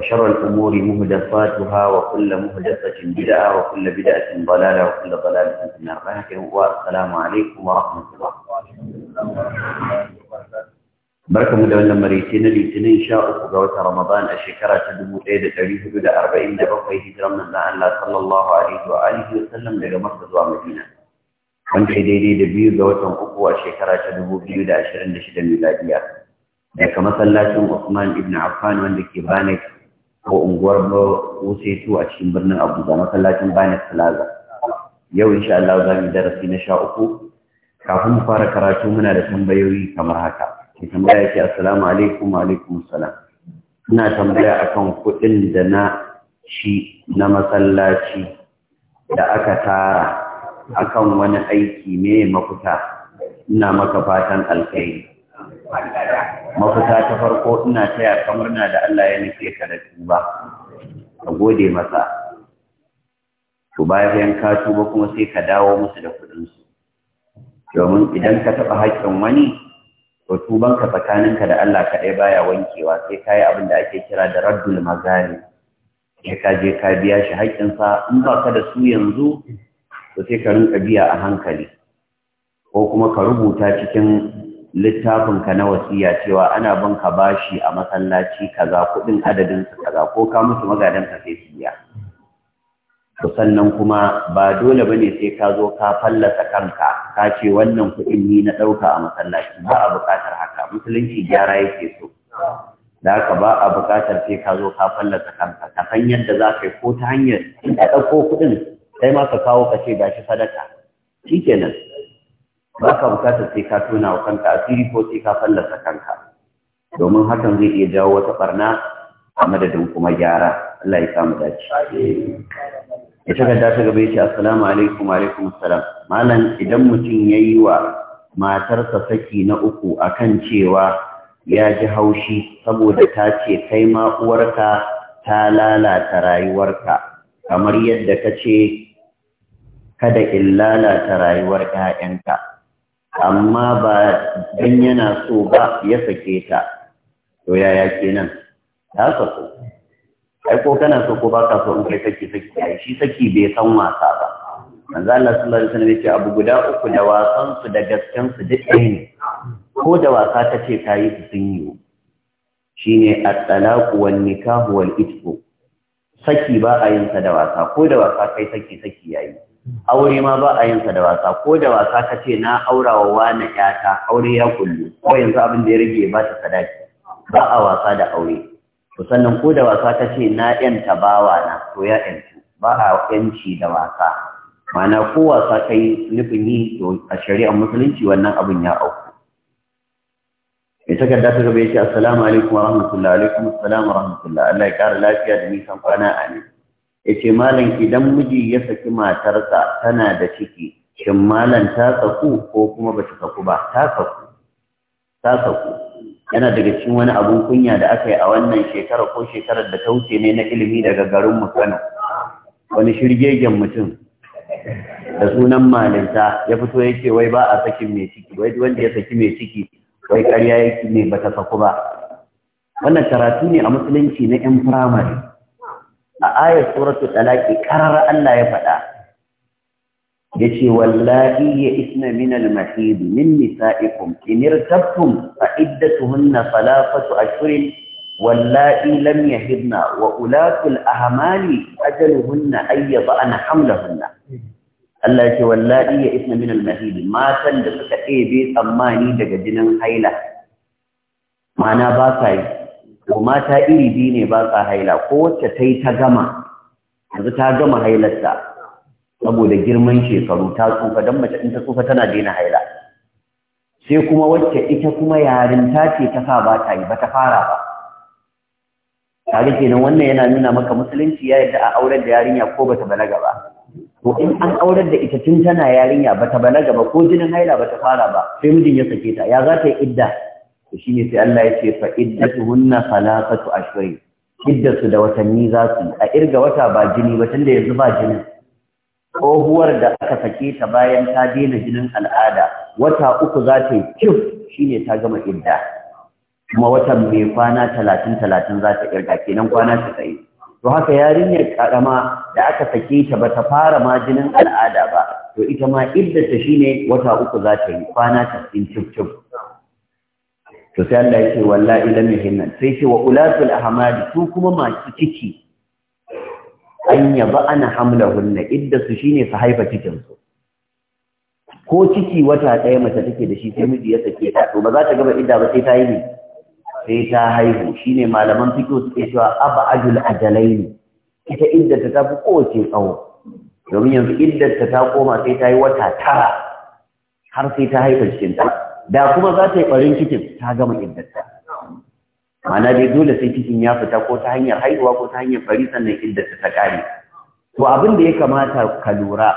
وشر الأمور مهدفاتها وكل مهدفة بدعة وكل بدعة ضلالة وكل ضلالة في النار والسلام عليكم ورحمة الله barkamu da wannan maraice na litinin sha uku ga wata ramadan a shekara ta dubu ɗaya da ɗari hudu da arba'in da bakwai hijiran manzan Allah sallallahu alaihi wa alihi wa sallam daga Makka zuwa Madina wanda ya daidai da biyu ga watan uku a shekara ta dubu biyu da ashirin da shida miladiya daga masallacin Usman ibn Affan wanda ke Banek ko unguwar wuce tu a cikin birnin abuja masallacin bani plaza yau insha Allah za mu darasi na sha uku kafin mu fara karatu muna da tambayoyi kamar haka ki tambaya yake assalamu alaikum wa alaikum salam ina tambaya akan kuɗin da na shi na masallaci da aka tara akan wani aiki ne mafita ina maka fatan alkhairi mafita ta farko ina taya kamar na da Allah ya nufe ka da tuba ka gode masa to bayan ka tuba kuma sai ka dawo musu da kuɗin su domin idan ka taɓa haƙƙin wani to tuban ka tsakaninka da Allah kaɗai baya wankewa sai ka abin da ake kira da raddul magani sai ka je ka biya shi sa in ba ka da su yanzu to sai ka rinka biya a hankali ko kuma ka rubuta cikin littafinka na wasiya cewa ana bin ka bashi a masallaci kaza kuɗin adadin su kaza ko ka mutu magadan ka sai siya to sannan kuma ba dole bane sai ka zo ka fallasa kanka ka ce wannan kuɗin ni na ɗauka a masallaci ba a buƙatar haka musulunci gyara yake so da haka ba a buƙatar sai ka zo ka fallasa kanka ka san yadda za ka yi ko ta hanyar in ka dauko kuɗin sai ma ka kawo ka ce gashi sadaka shikenan ba ka bukatar sai ka tona wa kanka asiri ko sai ka fallasa kanka domin hakan zai iya jawo wata barna a madadin kuma gyara Allah ya samu dace ya takarda ta gaba ce assalamu alaikum wa alaikum assalam malam idan mutum yayi wa matarsa saki na uku akan cewa ya ji haushi saboda ta ce kai ma uwarka ta lalata rayuwarka kamar yadda ka ce kada in lalata rayuwar 'ya'yanka amma ba dan yana so ba ya sake ta to yaya kenan ta sako ai ko kana so ko baka so in kai saki saki ai shi saki bai san wasa ba manzo Allah sallallahu alaihi wasallam ya ce abu guda uku da wasan su da gasken su duk ɗaya ne ko da wasa ta ce ta yi su sun yi shine at talaqu wan nikahu wal itqu saki ba a yin sa da wasa ko da wasa kai saki saki yayi aure ma ba a yinsa da wasa ko da wasa ka ce na aura wa wani yata aure ya kullu ko yanzu abin da ya rage ba ta sadaki ba a wasa da aure to sannan ko da wasa ka ce na yanta bawa na to ya yantu ba a yanci da wasa mana ko wasa ka yi nufin yi to a shari'ar musulunci wannan abin ya auku mai takarda ta gaba ya ce assalamu alaikum wa rahmatullahi alaikum assalamu wa rahmatullahi Allah ya kara lafiya da nisan kwana amin ya ce malam idan miji ya saki matarsa tana da ciki shin malam ta saku ko kuma saku ba ta saku ta saku yana daga cikin wani abun kunya da aka yi a wannan shekara ko shekarar da ta wuce ne na ilimi daga garin mu Kano wani shirgegen mutum da sunan malinta ya fito ya ce wai ba a sakin mai ciki wai wanda ya saki mai ciki wai ƙarya yake ne ta saku ba wannan karatu ne a musulunci na 'yan firamare a ayar suratul talaqi karar Allah ya faɗa yace wallahi ya isna min al-mahid min nisaikum in irtabtum fa iddatuhunna thalathatu ashhurin wallahi lam yahidna wa ulatul ahmali ajaluhunna ay yad'ana hamlahunna Allah yace wallahi ya isna min al-mahid matan da suka ɗebe tsammani daga jinin haila ma'ana ba sa yi to mata iri biyu ne ba sa haila ko wacce ta yi ta gama yanzu ta gama hailarta saboda girman shekaru ta tsufa don mace in ta tsufa tana daina haila sai kuma wacce ita kuma yarin ta ce ta sa ba ta yi ba ta fara ba tare kenan wannan yana nuna maka musulunci ya yadda a aurar da yarinya ko bata balaga ba to in an aurar da ita tun tana yarinya bata balaga ba ko jinin haila bata fara ba sai mijin ya sake ta ya za ta yi idda to shine sai Allah ya ce fa iddatuhunna thalathatu ashhur idda su da watanni za su a irga wata ba jini ba tunda yanzu ba jini tsohuwar da aka sake ta bayan ta daina jinin al'ada wata uku za ta yi kif ne ta gama idda kuma watan mai kwana talatin talatin za ta irga kenan kwana casa'in to haka yarinyar karama da aka sake ta ba ta fara ma jinin al'ada ba to ita ma iddata shine wata uku za ta yi kwana ta in cif cif to sai Allah yake wallahi lam yahinna sai ce wa ulatul ahmad su kuma masu ciki an yaba ana hamlahunna idda su shine su haifa cikin su ko ciki wata ɗaya mace take da shi sai miji ya sake ta to ba za ta gaba idda ba sai ta yi ne sai ta haihu shine malaman fiqh suke cewa abajul ajalaini ita idda ta tafi kowace tsawo domin yanzu iddar ta ta koma sai ta yi wata tara har sai ta haifa cikin ta da kuma za ta yi ɓarin cikin ta gama iddarta mana dai dole sai cikin ya fita ko ta hanyar haihuwa ko ta hanyar ɓari sannan iddarta ta ƙare to abin da ya kamata ka lura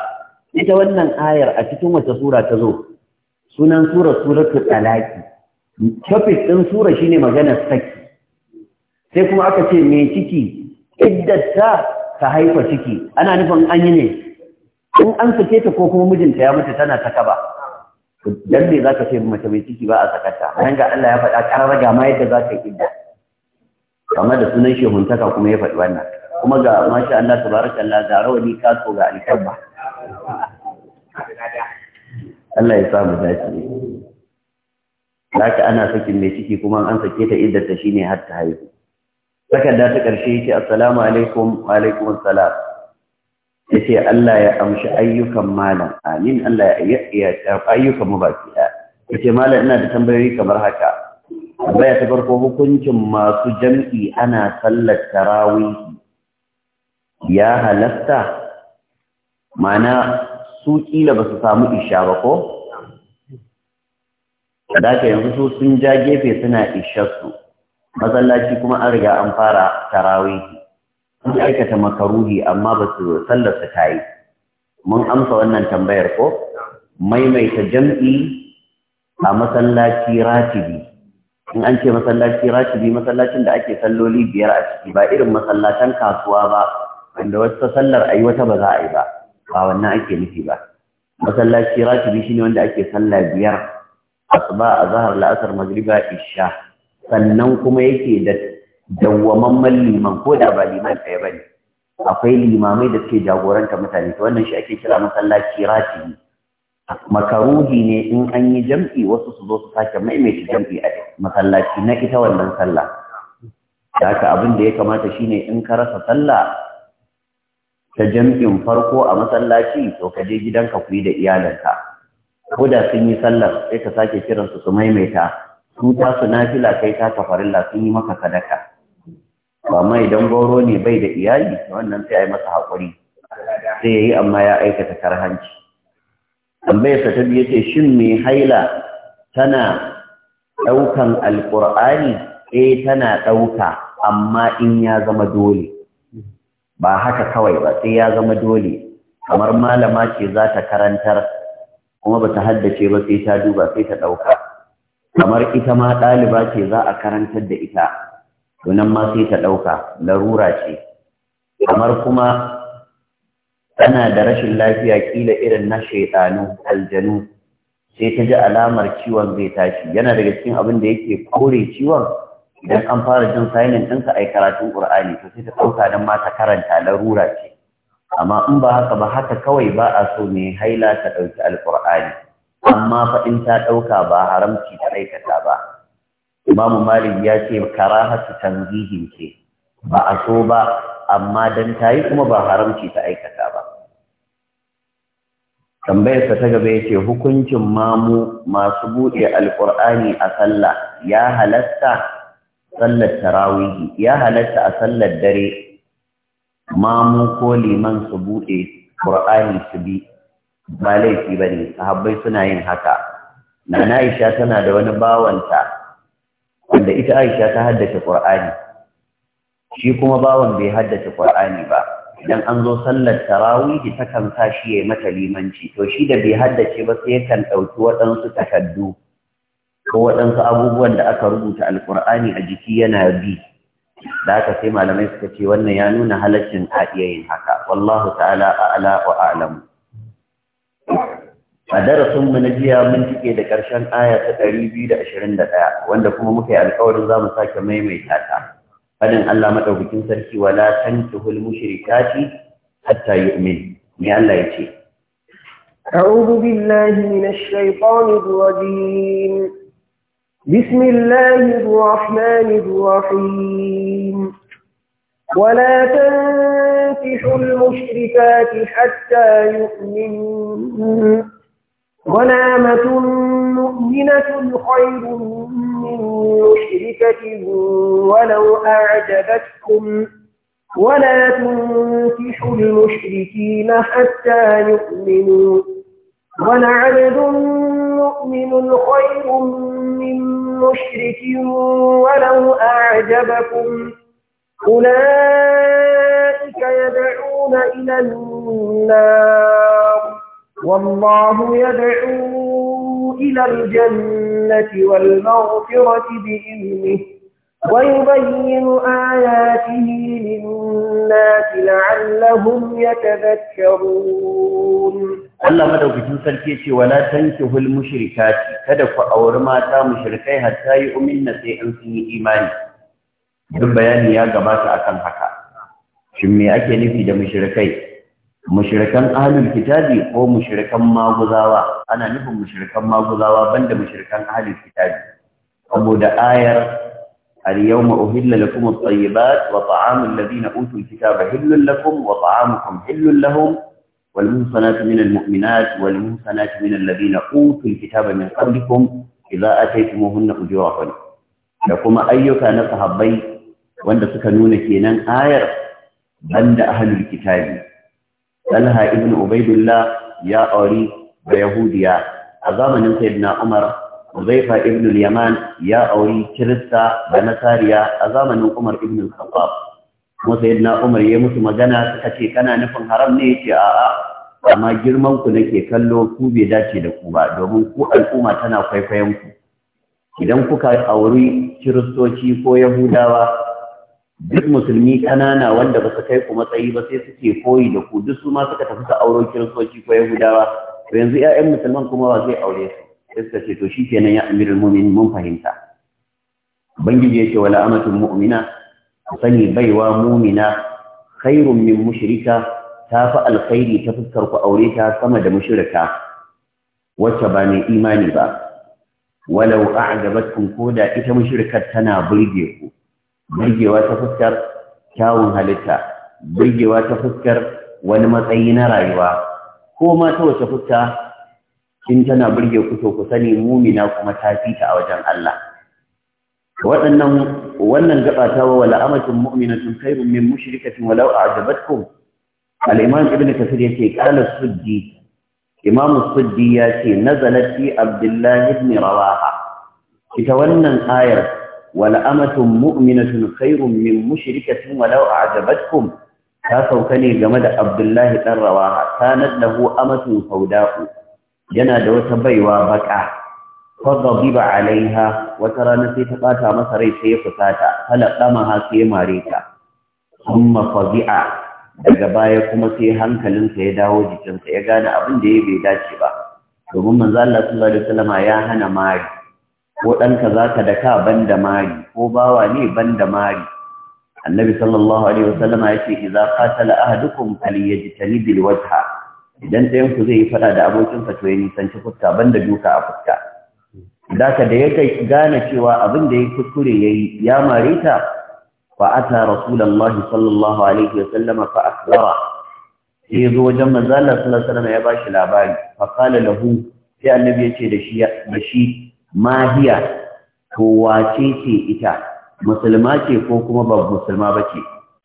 ita wannan ayar a cikin wata sura ta zo sunan sura ta ɗalaki. topic ɗin sura shine maganar saki sai kuma aka ce mai ciki iddata ta haifa ciki ana nufin an yi ne in an sake ta ko kuma mijinta ya mutu tana ta kaba dan me zaka ce mace mai ciki ba a sakata nan ga Allah ya faɗa karar ga ma yadda zaka yi idda kamar da sunan shehuntaka kuma ya faɗi wannan kuma ga masha Allah tabarakallah ga rawani kaso ga alkabba Allah ya samu dace Laka ana sakin mai ciki kuma an sake ta iddata shine har ta haihu. da ta ƙarshe ce assalamu alaikum wa alaikumus salam. ya ce Allah ya amshi ayyukan malam amin Allah ya ayyukan mu baki ɗaya ya ce malam ina da tambayoyi kamar haka tambaya ta farko hukuncin masu jam'i ana sallar tarawihi ya halasta mana su kila ba su samu isha ba ko da yanzu su sun ja gefe suna isharsu masallaci kuma an riga an fara tarawihi sun aikata makaruhi amma ba su sallarsa ta yi mun amsa wannan tambayar ko maimaita jam'i a masallaci ratibi in an ce masallaci ratibi masallacin da ake salloli biyar a ciki ba irin masallatan kasuwa ba wanda wata sallar ayi wata ba za a yi ba ba wannan ake nufi ba masallaci ratibi shine wanda ake salla biyar asuba azhar la'asar magriba isha sannan kuma yake da dawwamamman liman ko da ba liman ɗaya ba ne akwai limamai da suke jagoranta mutane ta wannan shi ake kira masallaci rati. makaruhi ne in an yi jam'i wasu su zo su sake maimaita jam'i a masallaci na ita wannan sallah da haka abin da ya kamata shine in ka rasa sallah ta jam'in farko a masallaci to ka je gidanka ku yi da iyalanka ko da sun yi sallar sai ka sake kiransu su maimaita su ta su nafila kai ta kafarilla sun yi maka sadaka amma idan goro ne bai da iyali wannan sai a yi masa haƙuri sai ya yi amma ya aikata karhanci tambayarsa ta biyu ce shin mai haila tana ɗaukan alƙur'ani eh tana ɗauka amma in ya zama dole ba haka kawai ba sai ya zama dole kamar malama ce za ta karantar kuma ba ta haddace ba sai ta duba sai ta ɗauka kamar ita ma ɗaliba ce za a karantar da ita to nan ma sai ta ɗauka larura ce kamar kuma tana da rashin lafiya kila irin na shaidanu aljanu sai ta ji alamar ciwon zai tashi yana daga cikin abin da yake kore ciwon idan an fara jin sainin ɗinka a karatun ƙur'ani to sai ta ɗauka don ma ta karanta larura ce amma in ba haka ba haka kawai ba a so ne haila ta ɗauki alƙur'ani amma faɗin ta ɗauka ba haramci ta aikata ba imamu malik ya ce karahatu tanzihin ce ba a so ba amma dan tayi kuma ba haramci ta aikata ba tambayarsa ta gaba yace hukuncin mamu masu buɗe alƙur'ani a sallah ya halatta sallar tarawihi ya halatta a sallar dare mamu ko liman su buɗe ƙur'ani su bi ba laifi ba ne sahabbai suna yin haka nana aisha tana da wani bawanta wanda ita Aisha ta haddace Qur'ani shi kuma bawan bai haddace Qur'ani ba idan an zo sallar tarawih ta kan sa shi yayi mata limanci to shi da bai haddace ba sai kan dauki waɗansu takaddu ko waɗansu abubuwan da aka rubuta alqur'ani a jiki yana bi da aka sai malamai suka ce wannan ya nuna halaccin a iya yin haka wallahu ta'ala a'la wa a'lamu a darasin mu na jiya mun cike da ƙarshen aya ta 221 wanda kuma muka yi alƙawarin za mu sake maimaita ta fadin Allah madaukakin sarki wala tankihul mushrikati hatta yu'min me Allah yace أعوذ بالله من الشيطان الرجيم بسم الله الرحمن الرحيم ولا تنكحوا المشركات حتى يؤمنوا غلامة مؤمنة خير من مشركة ولو أعجبتكم ولا تنكحوا المشركين حتى يؤمنوا ولعبد مؤمن خير من مشرك ولو أعجبكم أولئك يدعون إلى النار والله يدعو إلى الجنة والمغفرة بإذنه ويبين آياته للناس لعلهم يتذكرون Allah madaukakin sarki ce wala tankihul mushrikati kada ku auri mata mushrikai hatta yi uminna sai an sun yi imani duk bayani ya gabata akan haka shin me ake nufi da mushrikai mushrikan ahlul kitabi ko mushrikan maguzawa ana nufin mushrikan maguzawa banda mushrikan ahlul kitabi saboda ayar اليوم أهل لكم الطيبات وطعام الذين أوتوا الكتاب حل لكم وطعامكم حل لهم والمنصنات من المؤمنات والمنصنات من الذين أوتوا الكتاب من قبلكم إذا أتيتموهن أجورهن لكم أيك نصح الضيف وأن سكنون كينا آير بند أهل الكتاب Talha ibn Ubaidullah ya auri ga Yahudiya a zamanin Sayyidina Umar Uzaifa ibn al-Yaman ya auri Kirista da Nasariya a zamanin Umar ibn al-Khattab kuma Sayyidina Umar ya musu magana suka ce kana nufin haram ne yace a'a amma girman ku nake kallo ku bai dace da ku ba domin ku al'umma tana kwaikwayon ku idan kuka auri kiristoci ko yahudawa duk musulmi kanana wanda ba su kai ku matsayi ba sai suke koyi da ku duk su ma suka tafi su auro kiristoci ko yahudawa to yanzu ƴaƴan musulman kuma ba zai aure su sai suka ce to shikenan ya amirul mu'minin mun fahimta ubangiji yace wala amatun mu'mina ku sani baiwa mu'mina khairun min mushrika ta fi alkhairi ta fuskar ku aure ta sama da mushrika wacce ba mai imani ba walau a'jabatkum da ita mushrikar tana burge ku burgewa ta fuskar kyawun halitta burgewa ta fuskar wani matsayi na rayuwa ko ma ta wace fuska in tana burge ku to ku sani mumina kuma ta fita a wajen Allah waɗannan wannan gaba ta wa wala amatin mu'minatun khairun min mushrikatin walau a'jabatkum al-imam ibn kathir yace qala suddi imam suddi yace nazalat fi abdullah ibn rawaha ita wannan ayar wal’amatu mu’aminatun khairun min mushrikatin walau a ajabatkum ta sauka ne game da abdullahi ɗan rawa ta naddahu yana da wata baiwa baka kwazza biba alaiha wata rana sai ta ɓata masa rai sai ya fusata halaɗama ha sai ya mare ta sun mafazi'a daga baya kuma sai hankalinsa ya dawo jikinsa ya gane abin da ya bai dace ba domin manzo Allah sallallahu alaihi ya hana mari ko ɗanka za ka da ka ban da mari ko bawa ne ban da mari annabi sallallahu alaihi wasallama ya ce idza qatala ahadukum falyajtani bil wajha idan ɗayan ku zai yi fada da abokinsa to ya nisanci fuska ban da duka a fuska daka da ya gane cewa abin da ya kuskure yayi ya mare ta fa ata rasulullahi sallallahu alaihi wasallama fa akhbara sai zo wajen manzo Allah sallallahu alaihi wasallama ya bashi labari fa qala lahu sai annabi ya ce da shi da shi Mahiya, hiya to wace ce ita musulma ce ko kuma ba musulma ba ce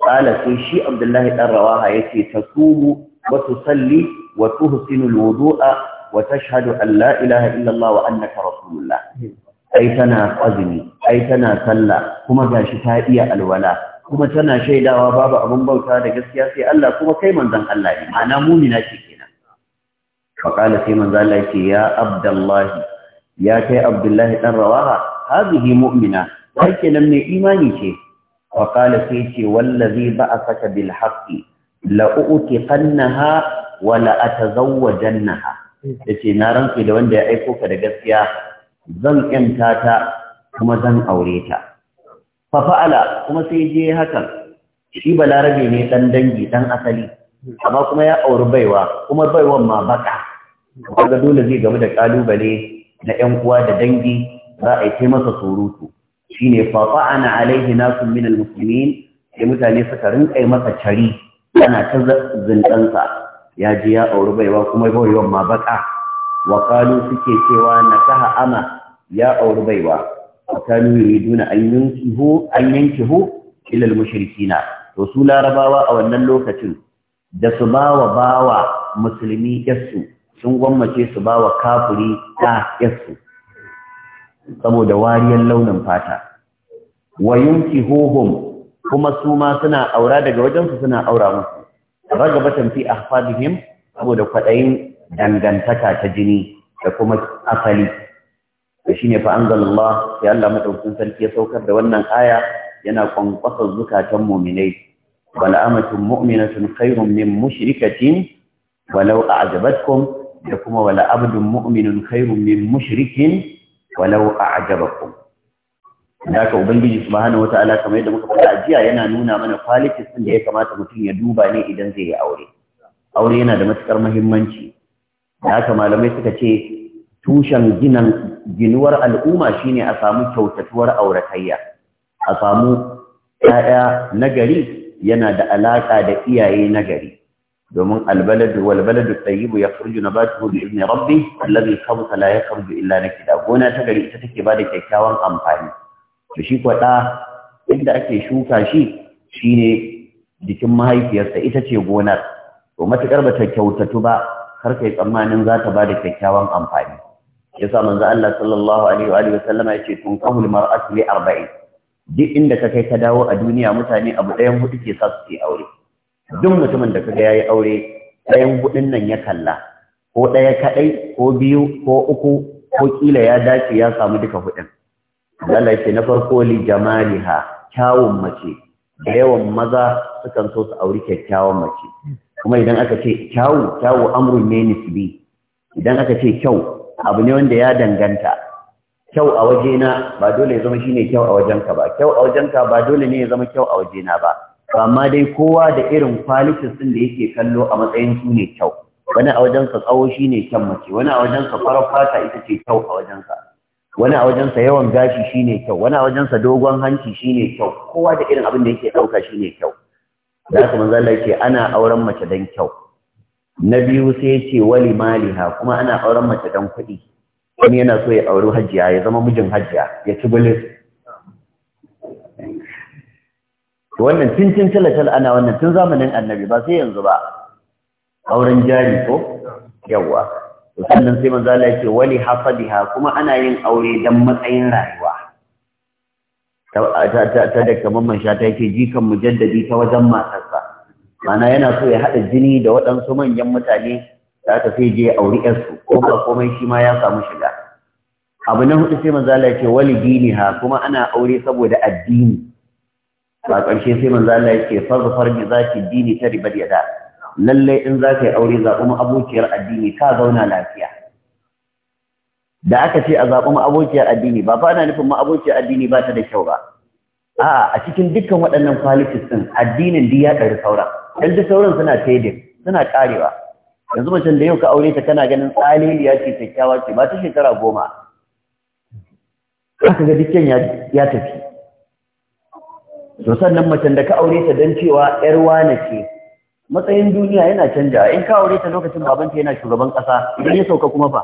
sai shi abdullahi Ɗan rawaha yace tasumu wa tusalli wa tuhsinu alwudu'a wa tashhadu an la ilaha illallah wa annaka rasulullah ai tana azumi ai tana sallah kuma shi ta iya alwala kuma tana shaidawa babu abin bauta da gaskiya sai Allah kuma kai manzon Allah ne ma'ana mumina ce kenan fa qala sai manzon Allah ya abdullahi ya kai abdullahi dan rawaha hazihi mu'mina sai kenan mai imani ce wa qala sai ce wallazi saka bil haqqi la u'tiqannaha wa la atazawwajannaha yace na rantsi da wanda ya aiko ka da gaskiya zan yanta ta kuma zan aure ta fa fa'ala kuma sai je hakan shi balarabe ne dan dangi dan asali amma kuma ya auri baiwa kuma baiwan ma baka kaga dole zai gamu da kalubale na ‘yan uwa da dangi za a yi ta masa surutu shi ne ana alaihi nasu minan musulmin sai mutane suka yi masa cari ana ta zindansa ya ji ya auri baiwa kuma baiwa ma baka wakalu suke cewa na saha ama ya auri baiwa wakalu yuriduna an yankihu an yankihu ila mushrikina to su larabawa a wannan lokacin da su bawa bawa musulmi yasu sun gwammace su ba wa kafuri ta yasu saboda wariyar launin fata wa yunkihuhum kuma su ma suna aura daga wajensu suna aura musu ragabatan fi ahfadihim saboda kwaɗayin dangantaka ta jini da kuma asali da shine fa anzalallah sai Allah madaukakin sarki ya saukar da wannan aya yana kwankwasa zukatan mu'minai bal amatun mu'minatun khairun min mushrikatin walau a'jabatkum da kuma wala abdun mu'minun khairun min mushrikin walau a'jabakum da ka ubangiji subhanahu wataala kamar yadda muka faɗa jiya yana nuna mana qualities din da ya kamata mutum ya duba ne idan zai yi aure aure yana da matukar muhimmanci da haka malamai suka ce tushen ginan ginuwar al'umma shine a samu kyautatuwar auratayya a samu ƴaƴa nagari yana da alaka da iyaye nagari domin albaladu walbaladu tsayibu ya furju na batu da izini rabbi allazi kabuta la ya kabuta illa na kida gona ta gari ita take ba da kyakkyawan amfani to shi inda ake shuka shi shine jikin mahaifiyarsa ita ce gonar to matuƙar ba ta kyautatu ba kar kai tsammanin za ta ba da kyakkyawan amfani yasa manzo Allah sallallahu alaihi wa sallama yace tun qahul mar'atu li arba'in duk inda ka kai ka dawo a duniya mutane abu ɗayan hudu ke sa su aure duk mutumin da kaga yayi aure ɗayan hudun nan ya kalla ko ɗaya kaɗai ko biyu ko uku ko kila ya dace ya samu duka hudun Allah ce na farko li jamaliha kyawun mace da yawan maza sukan so su auri kyakkyawan mace kuma idan aka ce kyawu kyawu amrun ne nisbi idan aka ce kyau abu ne wanda ya danganta kyau a wajena ba dole ya zama shine kyau a wajenka ba kyau a wajenka ba dole ne ya zama kyau a wajena ba amma dai kowa da irin kwalitis ɗin da yake kallo a matsayin su ne kyau wani a wajensa tsawo shi ne kyan mace wani a wajensa farar fata ita ce kyau a wajensa wani a wajensa yawan gashi shi ne kyau wani a wajensa dogon hanci shi ne kyau kowa da irin abin da yake ɗauka shi ne kyau da haka manzo Allah ana auren mace dan kyau na biyu sai yace wali maliha kuma ana auren mace dan kuɗi wani yana so ya auri hajiya ya zama mijin hajiya ya ci bilis to wannan tun talatal ana wannan tun zamanin annabi ba sai yanzu ba auren jari ko yawa to sannan sai manzo Allah yake wali hafadiha kuma ana yin aure dan matsayin rayuwa ta ta ta da kamar man sha ta yake jikan mujaddadi ta wajen matarsa mana yana so ya hada jini da waɗansu manyan mutane da aka sai je auri yarsu ko ba komai shi ma ya samu shiga abu na hudu sai manzo Allah yake wali diniha kuma ana aure saboda addini ba ƙarshe sai manzo Allah yake farfar farmi zaki dini ta ribar yada lalle in zaka yi aure zaɓi mu abokiyar addini ka zauna lafiya da aka ce a zaɓi mu abokiyar addini ba ba ana nufin mu abokiyar addini ba ta da kyau ba A'a, a cikin dukkan waɗannan qualities din addinin duk ya ɗari sauran dan duk sauran suna tayyib suna karewa yanzu mace da yau ka aure ta kana ganin tsaliliya ce kyakkyawa ce ba ta shekara goma aka ga dukkan ya tafi to sannan macen da ka aure ta don cewa ‘yar wane ce matsayin duniya yana canja in ka aure ta lokacin babanta yana shugaban ƙasa idan ya sauka kuma fa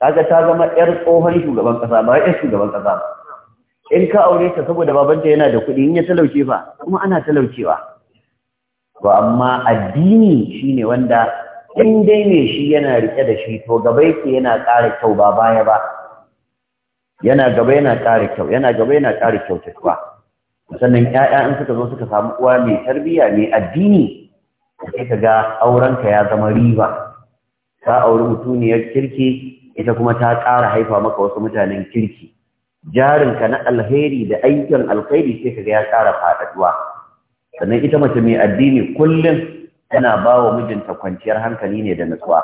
kaga ta zama ‘yar tsohon shugaban ƙasa ba ‘yar shugaban ƙasa ba in ka aure ta saboda babanta yana da kuɗi in ya talauce fa, kuma ana talaucewa to amma addini shine wanda in dai ne shi yana riƙe da shi to gaba yake yana ƙara kyau ba baya ba yana gaba yana ƙara kyau yana gaba yana ƙara kyau ta sannan ƴaƴa in suka zo suka samu uwa mai tarbiyya mai addini sai ka ga auren ka ya zama riba ka auri mutuniyar kirki ita kuma ta ƙara haifa maka wasu mutanen kirki jarin ka na alheri da aikin alkhairi sai ka ga ya ƙara faɗaɗuwa sannan ita mace mai addini kullum tana ba wa mijinta kwanciyar hankali ne da nutsuwa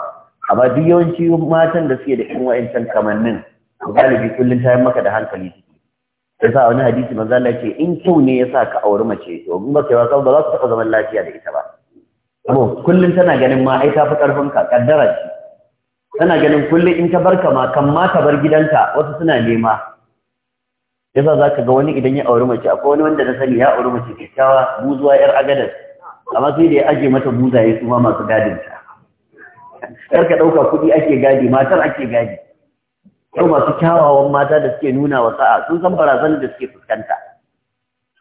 amma duk yawanci matan da suke da irin wa'incan kamannin galibi kullum ta yi maka da hankali yasa wani hadisi manzo Allah ce in kyau ne yasa ka auri mace to in baka yi wasa ba za su taɓa zaman lafiya da ita ba amma kullum tana ganin ma ai ta fi karfin ka kaddara ce tana ganin kullum in ta barka ma kan ma ta bar gidanka wasu suna nema yasa za ka ga wani idan ya auri mace akwai wani wanda na sani ya auri mace kyakkyawa buzuwa yar agadas amma sai da ya aje mata buzaye su ma masu gadin ta kar ka ɗauka kuɗi ake gadi matar ake gadi yau masu kyawawan mata da suke nuna wa sa'a sun san barazanar da suke fuskanta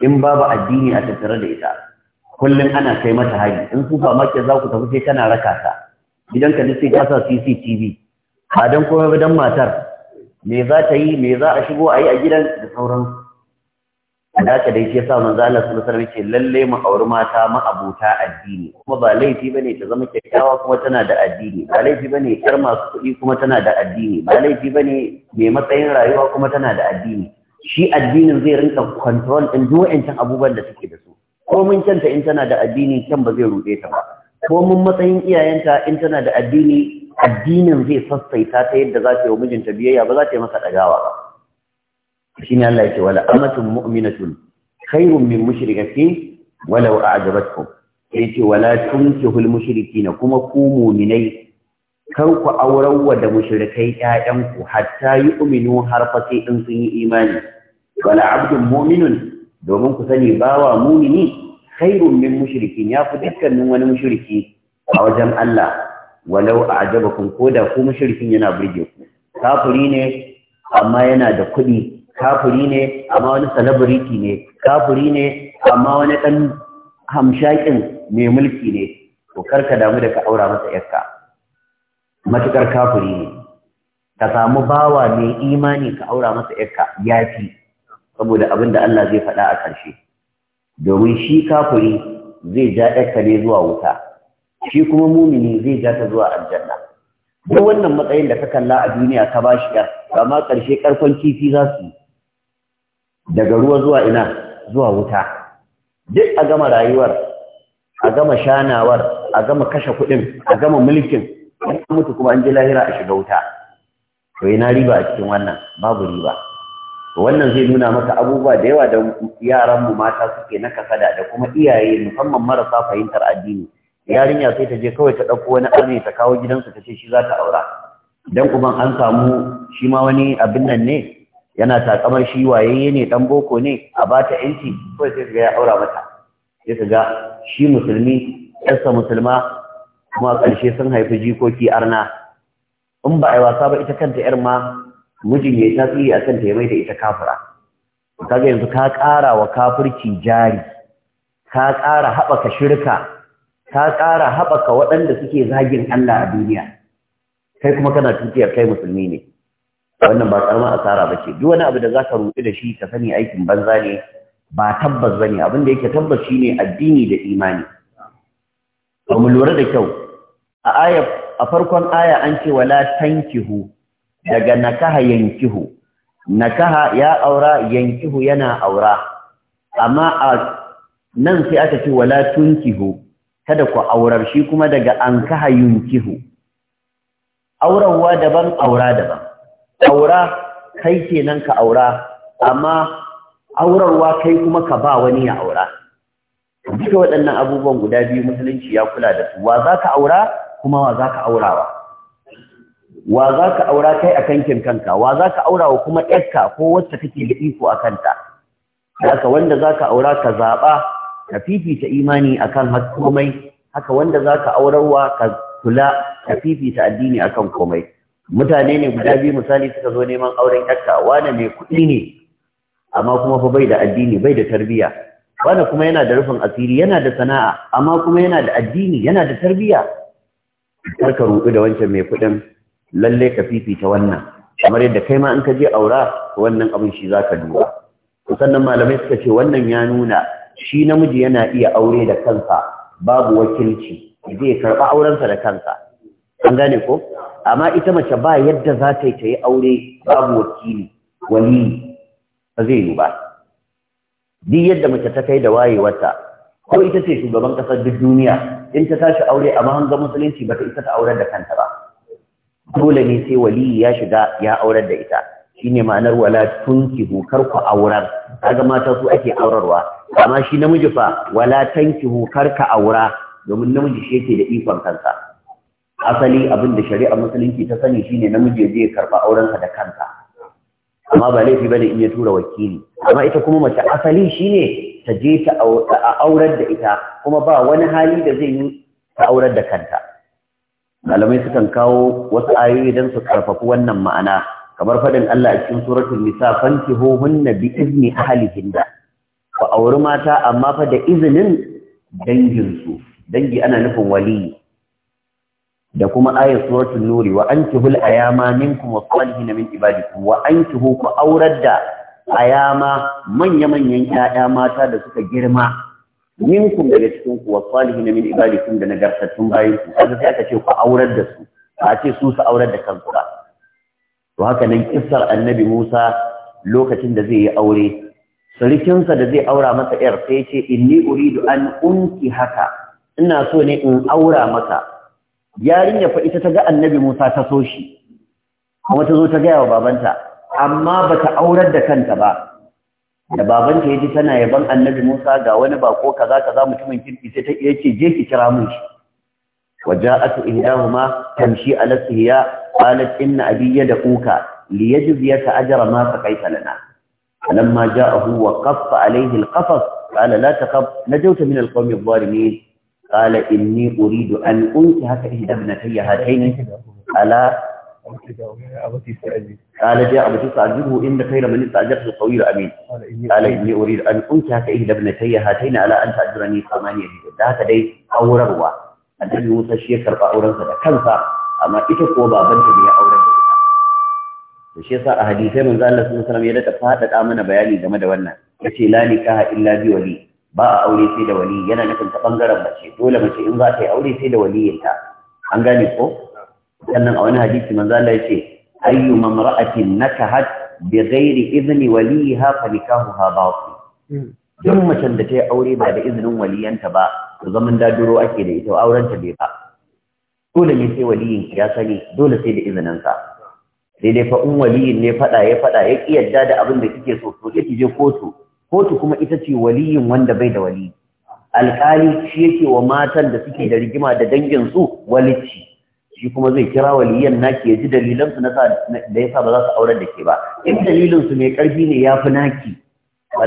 in babu addini a tattare da ita kullum ana kai mata hari in su ba make za ku tafi sai kana raka ta gidan ka nufi sai ka sa CCTV ba dan komai ba dan matar me za ta yi me za a shigo a yi a gidan da sauransu haka dai shi yasa manzo Allah sallallahu alaihi wasallam lalle mu auri mata abuta addini kuma ba laifi bane ta zama kyakkyawa kuma tana da addini ba laifi bane yar masu kuɗi kuma tana da addini ba laifi bane mai matsayin rayuwa kuma tana da addini shi addinin zai rinka control din duk wa'ancan abubuwan da suke da su ko mun kyanta in tana da addini kyan ba zai ruɗe ta ba ko mun matsayin iyayenta in tana da addini addinin zai sassaita ta yadda za ta yi wa mijinta biyayya ba za ta yi masa ɗagawa ba Shin Allah yake wala amatun mu'minatun khairun min mushrikatin walau a'jabatkum yace wala tunkihul mushrikina kuma ku mu'minai kar ku wa da mushrikai ƴaƴan ku hatta yu'minu har fa sai in sun yi imani wala abdun mu'minun domin ku sani bawa mu'mini khairun min mushrikin ya fi dukkanin wani mushriki a wajen Allah walau a'jabakum ko da ku mushrikin yana burge ku kafiri ne amma yana da kuɗi Kafuri ne amma wani celebrity ne Kafuri ne amma wani ɗan hamshakin mai mulki ne to karka damu da ka aura masa yakka matukar kafuri ne ka samu bawa mai imani ka aura masa yakka yafi saboda abin da Allah zai faɗa a ƙarshe domin shi kafuri zai ja yakka ne zuwa wuta shi kuma mumini zai ja ta zuwa aljanna duk wannan matsayin da ka kalla a duniya ka bashi yar amma ƙarshe ƙarfin kifi za su yi daga ruwa zuwa ina zuwa wuta duk a gama rayuwar a gama shanawar a gama kashe kudin, a gama mulkin an mutu kuma an ji lahira a shiga wuta to ina riba a cikin wannan babu riba wannan zai nuna maka abubuwa da yawa da yaran mu mata suke na kasada da kuma iyaye musamman marasa fahimtar addini yarinya sai ta je kawai ta ɗauko wani arne ta kawo gidansu ta ce shi za ta aura dan uban an samu shi ma wani abin nan ne yana takamar shi wayayye ne dan boko ne a bata yanci ko sai ga ya aura mata sai ka ga shi musulmi yarsa musulma kuma ƙarshe sun haifi jikoki arna in ba a yi wasa ba ita kanta yar ma mijin ya yi tasiri a kanta ya mai da ita kafira kaga yanzu ka ƙara wa kafirci jari ka ƙara haɓaka shirka ka ƙara haɓaka waɗanda suke zagin Allah a duniya kai kuma kana tutiyar kai musulmi ne wannan ba karma asara ba ce duk wani abu da za ka ruɗu da shi ka sani aikin banza ne ba tabbas ba ne abin da yake tabbas shi ne addini da imani ba mu lura da kyau a aya a farkon aya an ce wala tankihu daga nakaha yankihu nakaha ya aura yankihu yana aura amma a nan sai aka ce wala tunkihu kada ku aurar shi kuma daga ankaha yunkihu aurarwa daban aura daban aura kai kenan ka aura amma aurarwa kai kuma ka ba wani ya aura duka waɗannan abubuwan guda biyu musulunci ya kula da su wa za ka aura kuma wa za ka aurawa wa za ka aura kai a kankin kanka wa za ka aurawa kuma ɗarka ko wacce kake da iko a kanta haka wanda za ka aura ka zaɓa ka fifita imani akan komai haka wanda za ka aurarwa ka kula ka fifita addini akan komai mutane ne guda biyu misali suka zo neman auren yarka wani mai kuɗi ne amma kuma fa bai da addini bai da tarbiyya wane kuma yana da rufin asiri yana da sana'a amma kuma yana da addini yana da tarbiyya kar ka ruɗu da wancan mai kuɗin lalle ka fifita wannan kamar yadda kai ma in ka je aura wannan abin shi za ka duba sannan malamai suka ce wannan ya nuna shi namiji yana iya aure da kansa babu wakilci zai karɓa aurensa da kansa an gane ko amma ita mace ba yadda za ta yi ta yi aure babu wakili wali ba zai yi ba duk yadda mace ta kai da wayewarta ko ita ce shugaban kasar duk duniya in ta tashi aure amma hanga musulunci ba ta isa ta aurar da kanta ba dole ne sai wali ya shiga ya aurar da ita Shi ne ma'anar wala ki kar ku aurar kaga mata su ake aurarwa amma shi namiji fa wala ki kar ka aura domin namiji shi yake da ikon kansa asali abin da shari'ar musulunci ta sani shine namiji ya je ya karba aurensa da kansa amma ba laifi bane in ya tura wakili amma ita kuma mace asali shine ta je ta aurar da ita kuma ba wani hali da zai yi ta aurar da kanta malamai sukan kawo wasu ayoyi don su karfafi wannan ma'ana kamar faɗin Allah a cikin suratul nisa na bi izni ahlihinna ku auri mata amma fa da izinin danginsu dangi ana nufin waliyi da kuma ayat suratul nuri wa ankihul ayama minkum wa salihin min ibadikum wa ankihu ku aurar da ayama manya manyan ƴaƴa mata da suka girma minkum daga cikin ku wa salihin min ibadikum da nagartattun bayin ku kaga sai aka ce ku aurar da su a ce su su aurar da kansu ba to haka nan kissar annabi Musa lokacin da zai yi aure surikinsa da zai aura masa yar sai ce inni uridu an unki haka ina so ne in aura maka yarinya fa ita ta ga annabi Musa ta so shi kuma ta zo ta gaya wa babanta amma ba ta aurar da kanta ba da babanta ya ji tana yaban annabi Musa ga wani bako kaza kaza mutumin kirki sai ta yace je ki kira mun shi waja'atu ihdahuma tamshi ala sihiya qalat inna abi yad'uka liyajziyaka ajra ma saqaita lana فلما جاءه وقف عليه القفص قال لا تخف نجوت من القوم الظالمين قال إني أريد أن أنكح إحدى ابنتي هاتين على قال جاء أبو سعيد أجره إن خير من استأجرت القوير أمين قال إني أريد أن أنكح إحدى ابنتي هاتين على أن تأجرني ثمانية جزء ذات لي أورا روا أن يوسى شيخ أورا سدى كم فا أما إتو قوبا بنت بي أورا الشيخ أحاديث من ذا الله صلى الله عليه وسلم يلتفات أمن بياني جمد ونا يشي لا نكاح إلا بي ولي ba a aure sai da wali yana nufin ta bangaren mace dole mace in za ta yi aure sai da waliyinta an gane ko sannan a wani hadisi manzo Allah yace ayyu mamra'atin nakahat bi ghairi idni waliha fa nikahuha batil hmm. duk macen da ta yi aure ba da izinin waliyanta ba to zaman daduro ake da ita aurenta bai ba dole ne sai waliyin ya sani dole sai da izinin sa sai dai fa in waliyin ne fada ya fada ya kiyarda da abin da kike so to kike je kotu kotu kuma ita ce waliyin wanda bai da wali alƙali shi yake wa matan da suke da rigima da dangin su walici shi kuma zai kira waliyan naki ya ji dalilan su da yasa ba za su aurar da ke ba in dalilin su mai karfi ne ya fi naki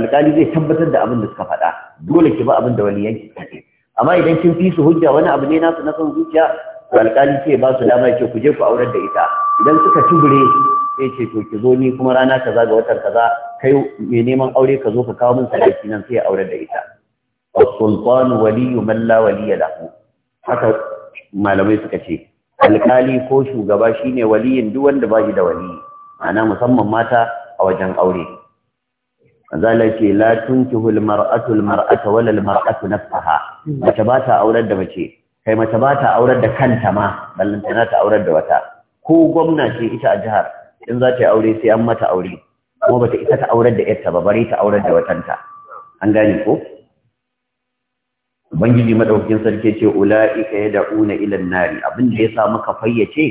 alƙali zai tabbatar da abin da suka faɗa dole ki ba abin da waliyan ki ce amma idan kin fi su hujja wani abu ne nasu na son zuciya to alƙali ce ba su dama ya ce ku je ku aurar da ita idan suka tubure sai ce to ki zo ni kuma rana kaza ga watan kaza kai mai neman aure ka zo ka kawo min sadaki nan sai ya aure da ita as sultan waliyyu man la waliya lahu haka malamai suka ce alkali ko shugaba shine waliyin duk wanda ba shi da wali, ana musamman mata a wajen aure zala ce la tunkihu al almar'ata wala al-mar'atu nafsaha mace ba ta aurar da mace kai mace ba ta aurar da kanta ma tana ta aurar da wata ko gwamna ce ita a jihar in za ta yi aure sai an mata aure kuma bata isa ta aurar da yarta ba bare ta aurar da watanta an gane ko ubangiji madaukakin sarki ce ula'ika yad'una ila nari abin da ya sa muka fayyace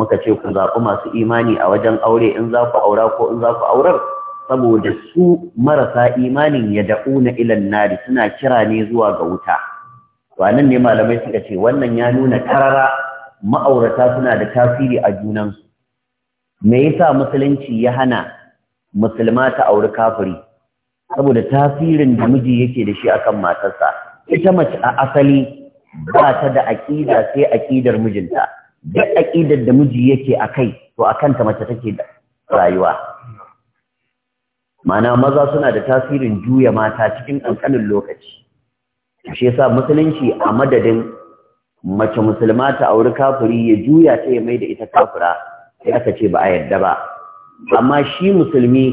muka ce ku zaɓi masu imani a wajen aure in za ku aura ko in za ku aurar saboda su marasa imanin ya da'una ilan nari suna kira ne zuwa ga wuta to anan ne malamai suka ce wannan ya nuna karara ma'aurata suna da tasiri a junansu me yasa musulunci ya hana musulma ta auri kafiri saboda tasirin da miji yake da shi akan matarsa ita mace a asali ba ta da aƙida sai aƙidar mijinta duk aƙidar da miji yake akai to a kanta mace take rayuwa mana maza suna da tasirin juya mata cikin ƙanƙanin lokaci shi yasa musulunci a madadin mace musulma ta auri kafiri ya juya ta ya mai da ita kafira sai aka ce ba a yadda ba amma shi musulmi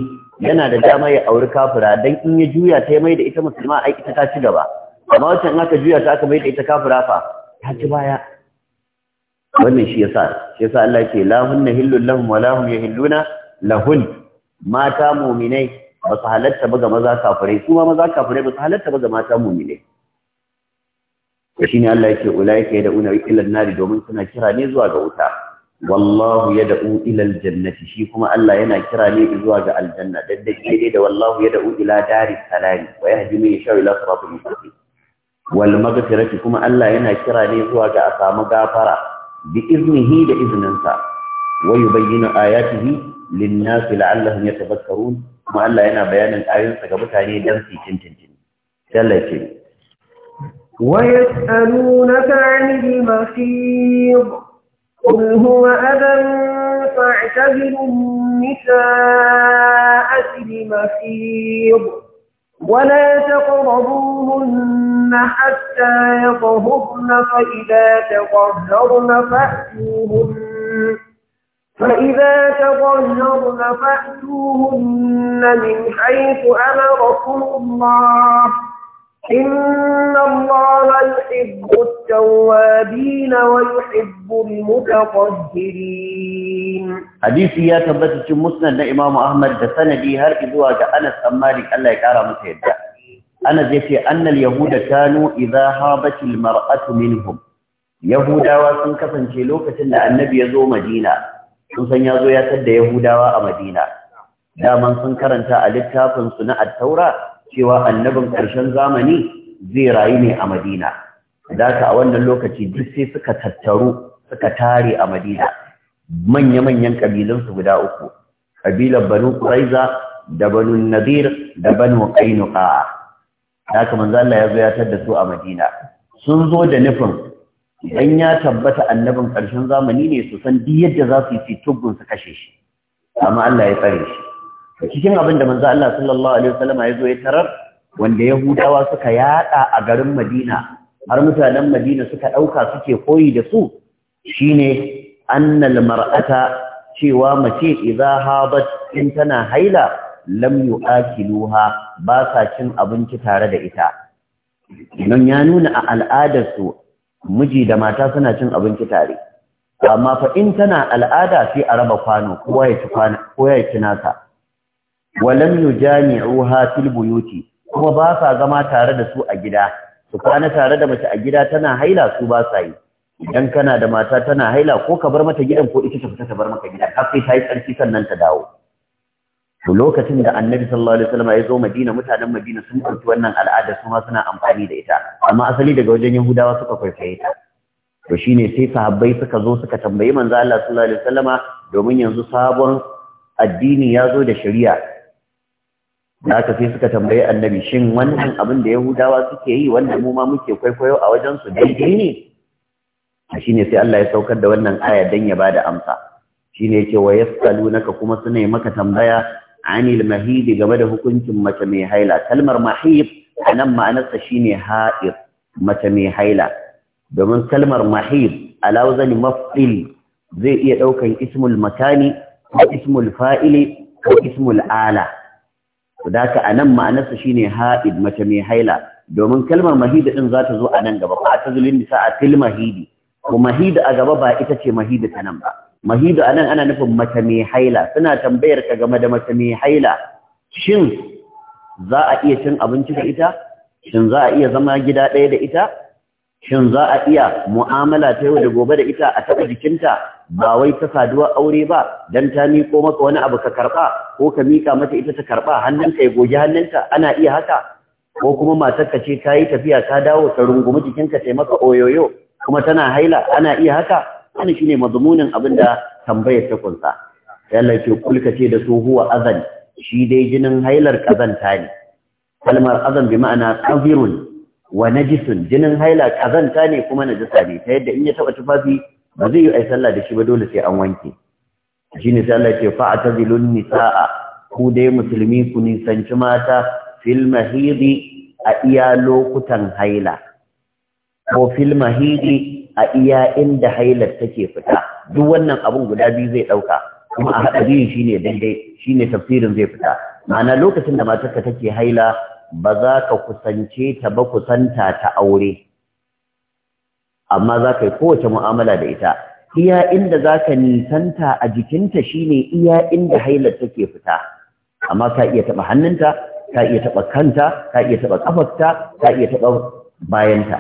yana da dama ya auri kafira dan in ya juya ta mai da ita musulma ai ita ta ci gaba amma wacan aka juya ta aka mai da ita kafira fa ta ci baya wannan shi yasa shi yasa Allah ke la hunna hillul lahum wa lahum yahilluna lahun mata mu'minai ba su halatta ba ga maza kafirai su ma maza kafirai ba su halatta ba ga mata mu'minai to shine Allah yake ulaika yad'una ila nari domin suna kira ne zuwa ga wuta wallahu yad'u ila Jannati shi kuma Allah yana kira ne zuwa ga aljanna dan da da wallahu yad'u ila dari salam wa yahdi man yasha ila siratil mustaqim wal maghfirati kuma Allah yana kira ne zuwa ga a samu gafara bi iznihi da izninsa wa yubayyinu ayatihi linnasi la'allahum yatafakkarun kuma Allah yana bayanin ayoyinsa ga mutane dan su tintintin tallace ويسألونك عن المخيض قل هو أذى فاعتبروا النساء في المخيض ولا تقربوهن حتى يطهرن فإذا تطهرن فأتوهن فإذا تطهرن فأتوهن من حيث أمركم الله إن الله يحب التوابين ويحب المتطهرين حديث يا تبت مسند إمام أحمد دسندي هر إذوا أنس أمالك الله يكرم سيدا أنا زيتي أن اليهود كانوا إذا هابت المرأة منهم يهودا وسن كفن شلوكة أن النبي يزو مدينة سن يزو يتد يهودا ومدينة دامن سن كرنتا ألتافن سنة التوراة cewa annabin ƙarshen zamani zai rayu ne a Madina da a wannan lokaci duk sai suka tattaru suka tare a Madina manya-manyan kabilansu guda uku Ƙabilar Banu Quraiza da Banu Nadir da Banu Qainuqa haka manzo Allah ya zo ya tadda su a Madina sun zo da nufin idan ya tabbata annabin ƙarshen zamani ne su san duk yadda za su yi tubbun su kashe shi amma Allah ya tsare shi cikin abin da manzo Allah sallallahu alaihi wasallam ya zo ya tarar wanda Yahudawa suka yada a garin Madina har mutanen Madina suka dauka suke koyi da su shine annal mar'ata cewa mace idza habat in tana haila lam yu'akiluha ba sa cin abinci tare da ita nan ya nuna a al'adar su miji da mata suna cin abinci tare amma fa in tana al'ada sai a raba kwano kowa ya ci kwano kowa ya ci nasa walam yujami'uha fil buyuti kuma ba sa zama tare da su a gida su kana tare da mace a gida tana haila su ba sa yi idan kana da mata tana haila ko ka bar mata gidan ko ita ta fita ta bar maka gidan har sai ta yi tsarki sannan ta dawo to lokacin da annabi sallallahu alaihi wasallam ya zo madina mutanen madina sun ɗauki wannan al'ada su ma suna amfani da ita amma asali daga wajen yahudawa suka kwaikwaye ta to shine sai sahabbai suka zo suka tambayi manzo Allah sallallahu alaihi wasallama domin yanzu sabon addini ya zo da shari'a da aka sai suka tambayi annabi shin wannan abin da yahudawa suke yi wanda mu ma muke kwaikwayo a wajensu daidai ne shi ne sai Allah ya saukar da wannan aya don ya bada amsa shi ne ce wa yasalu naka kuma suna maka tambaya anil mahidi game da hukuncin mace mai haila kalmar mahid a nan ma'anarsa shine ha'ir mace mai haila domin kalmar mahid alawzani maf'il zai iya ɗaukan ismul makani ko ismul fa'ili ko ismul ala Kudaka a nan ma'anarsa shi ne mace mai haila, domin kalmar mahida ɗin za ta zo a nan gaba, ba ta zulun nisa a fil mahidi, ko mahida a gaba ba ita ce mahida ta nan ba. Mahida a nan ana nufin mace mai haila, suna tambayar ka game da mace mai haila, shin za a iya cin abinci da ita? Shin za a iya zama gida ɗaya da ita? Shin za a iya mu'amala ta yau da gobe da ita a taɓa jikinta? ba wai ta saduwa aure ba dan ta miko maka wani abu ka karba ko ka mika mata ita ta karba hannunka ya goge hannunka. ana iya haka ko kuma matarka ce ta yi tafiya ta dawo ta rungumi jikinka ta maka oyoyo kuma tana haila ana iya haka wannan shine mazmunin abin da tambayar ta kunsa yalla ke kulka ce da su huwa azan shi dai jinin hailar kazanta ne kalmar azan bi ma'ana qazirun wa najisun jinin haila kazanta ne kuma najisa ne ta yadda in ya taba tufafi ba zai yi sallah da shi ba dole sai an wanke Shi ne sallah fa'a ce fa atazilun nisaa ku dai musulmi ku nisanci mata fil mahidi a iya lokutan haila ko fil mahidi a iya inda hailar take fita duk wannan abun guda biyu zai dauka kuma a haɗa biyun shine daidai ne tafsirin zai fita ma'ana lokacin da matarka take haila ba za ka kusance ta ba kusanta ta aure amma za ka yi kowace mu'amala da ita iya inda za ka nisanta a jikinta shine iya inda hailar take fita amma ka iya taɓa hannunta ka iya taɓa kanta ka iya taɓa ƙafarta ka iya taɓa bayanta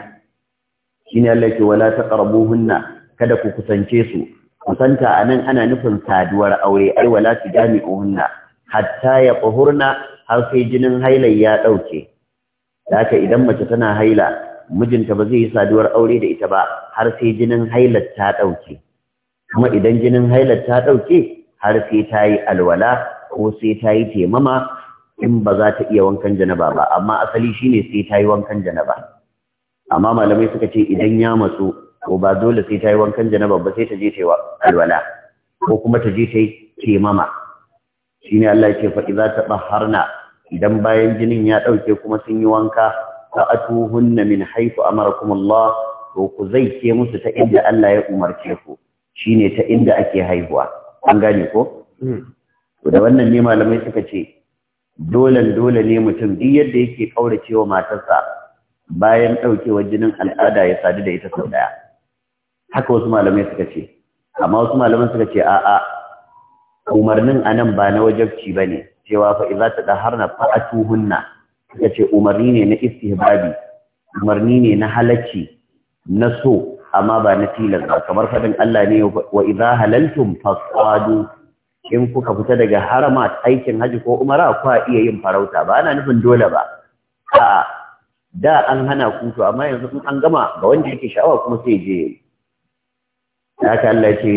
shine Allah ke wala ta taqrabuhunna kada ku kusance su kusanta a nan ana nufin saduwar aure ai wala hunna hatta ya ƙuhurna har sai jinin hailar ya ɗauke. haka idan mace tana haila, mijinta ba zai yi saduwar aure da ita ba har sai jinin hailar ta ɗauke kuma idan jinin hailar ta ɗauke har sai ta yi alwala ko sai ta yi taimama in ba za ta iya wankan janaba ba amma asali shine sai ta yi wankan janaba amma malamai suka ce idan ya matsu ko ba dole sai ta yi wankan janaba ba sai ta je ta yi alwala ko kuma ta je ta yi taimama shine Allah ya ce fa idza tabaharna idan bayan jinin ya ɗauke kuma sun yi wanka fa'atuhunna min haythu amarakum Allah to ku zai ke musu ta inda Allah ya umarce ku shine ta inda ake haihuwa an gane ko hmm. to da wannan ne malamai suka ce dole dole ne mutum duk yadda yake kaurace wa matarsa bayan daukewar jinin al'ada ya sadu da ita sau daya haka wasu malamai suka ce amma wasu malaman suka ce a'a umarnin anan ba na wajabci bane cewa fa idza fa'a tuhunna. suka ce umarni ne na istihbabi umarni ne na halacci na so amma ba na tilas ba kamar faɗin Allah ne wa idza halaltum fasadu in kuka fita daga harama aikin haji ko umara a iya yin farauta ba ana nufin dole ba a da an hana ku to amma yanzu in an gama ga wanda yake sha'awa kuma sai je haka Allah ce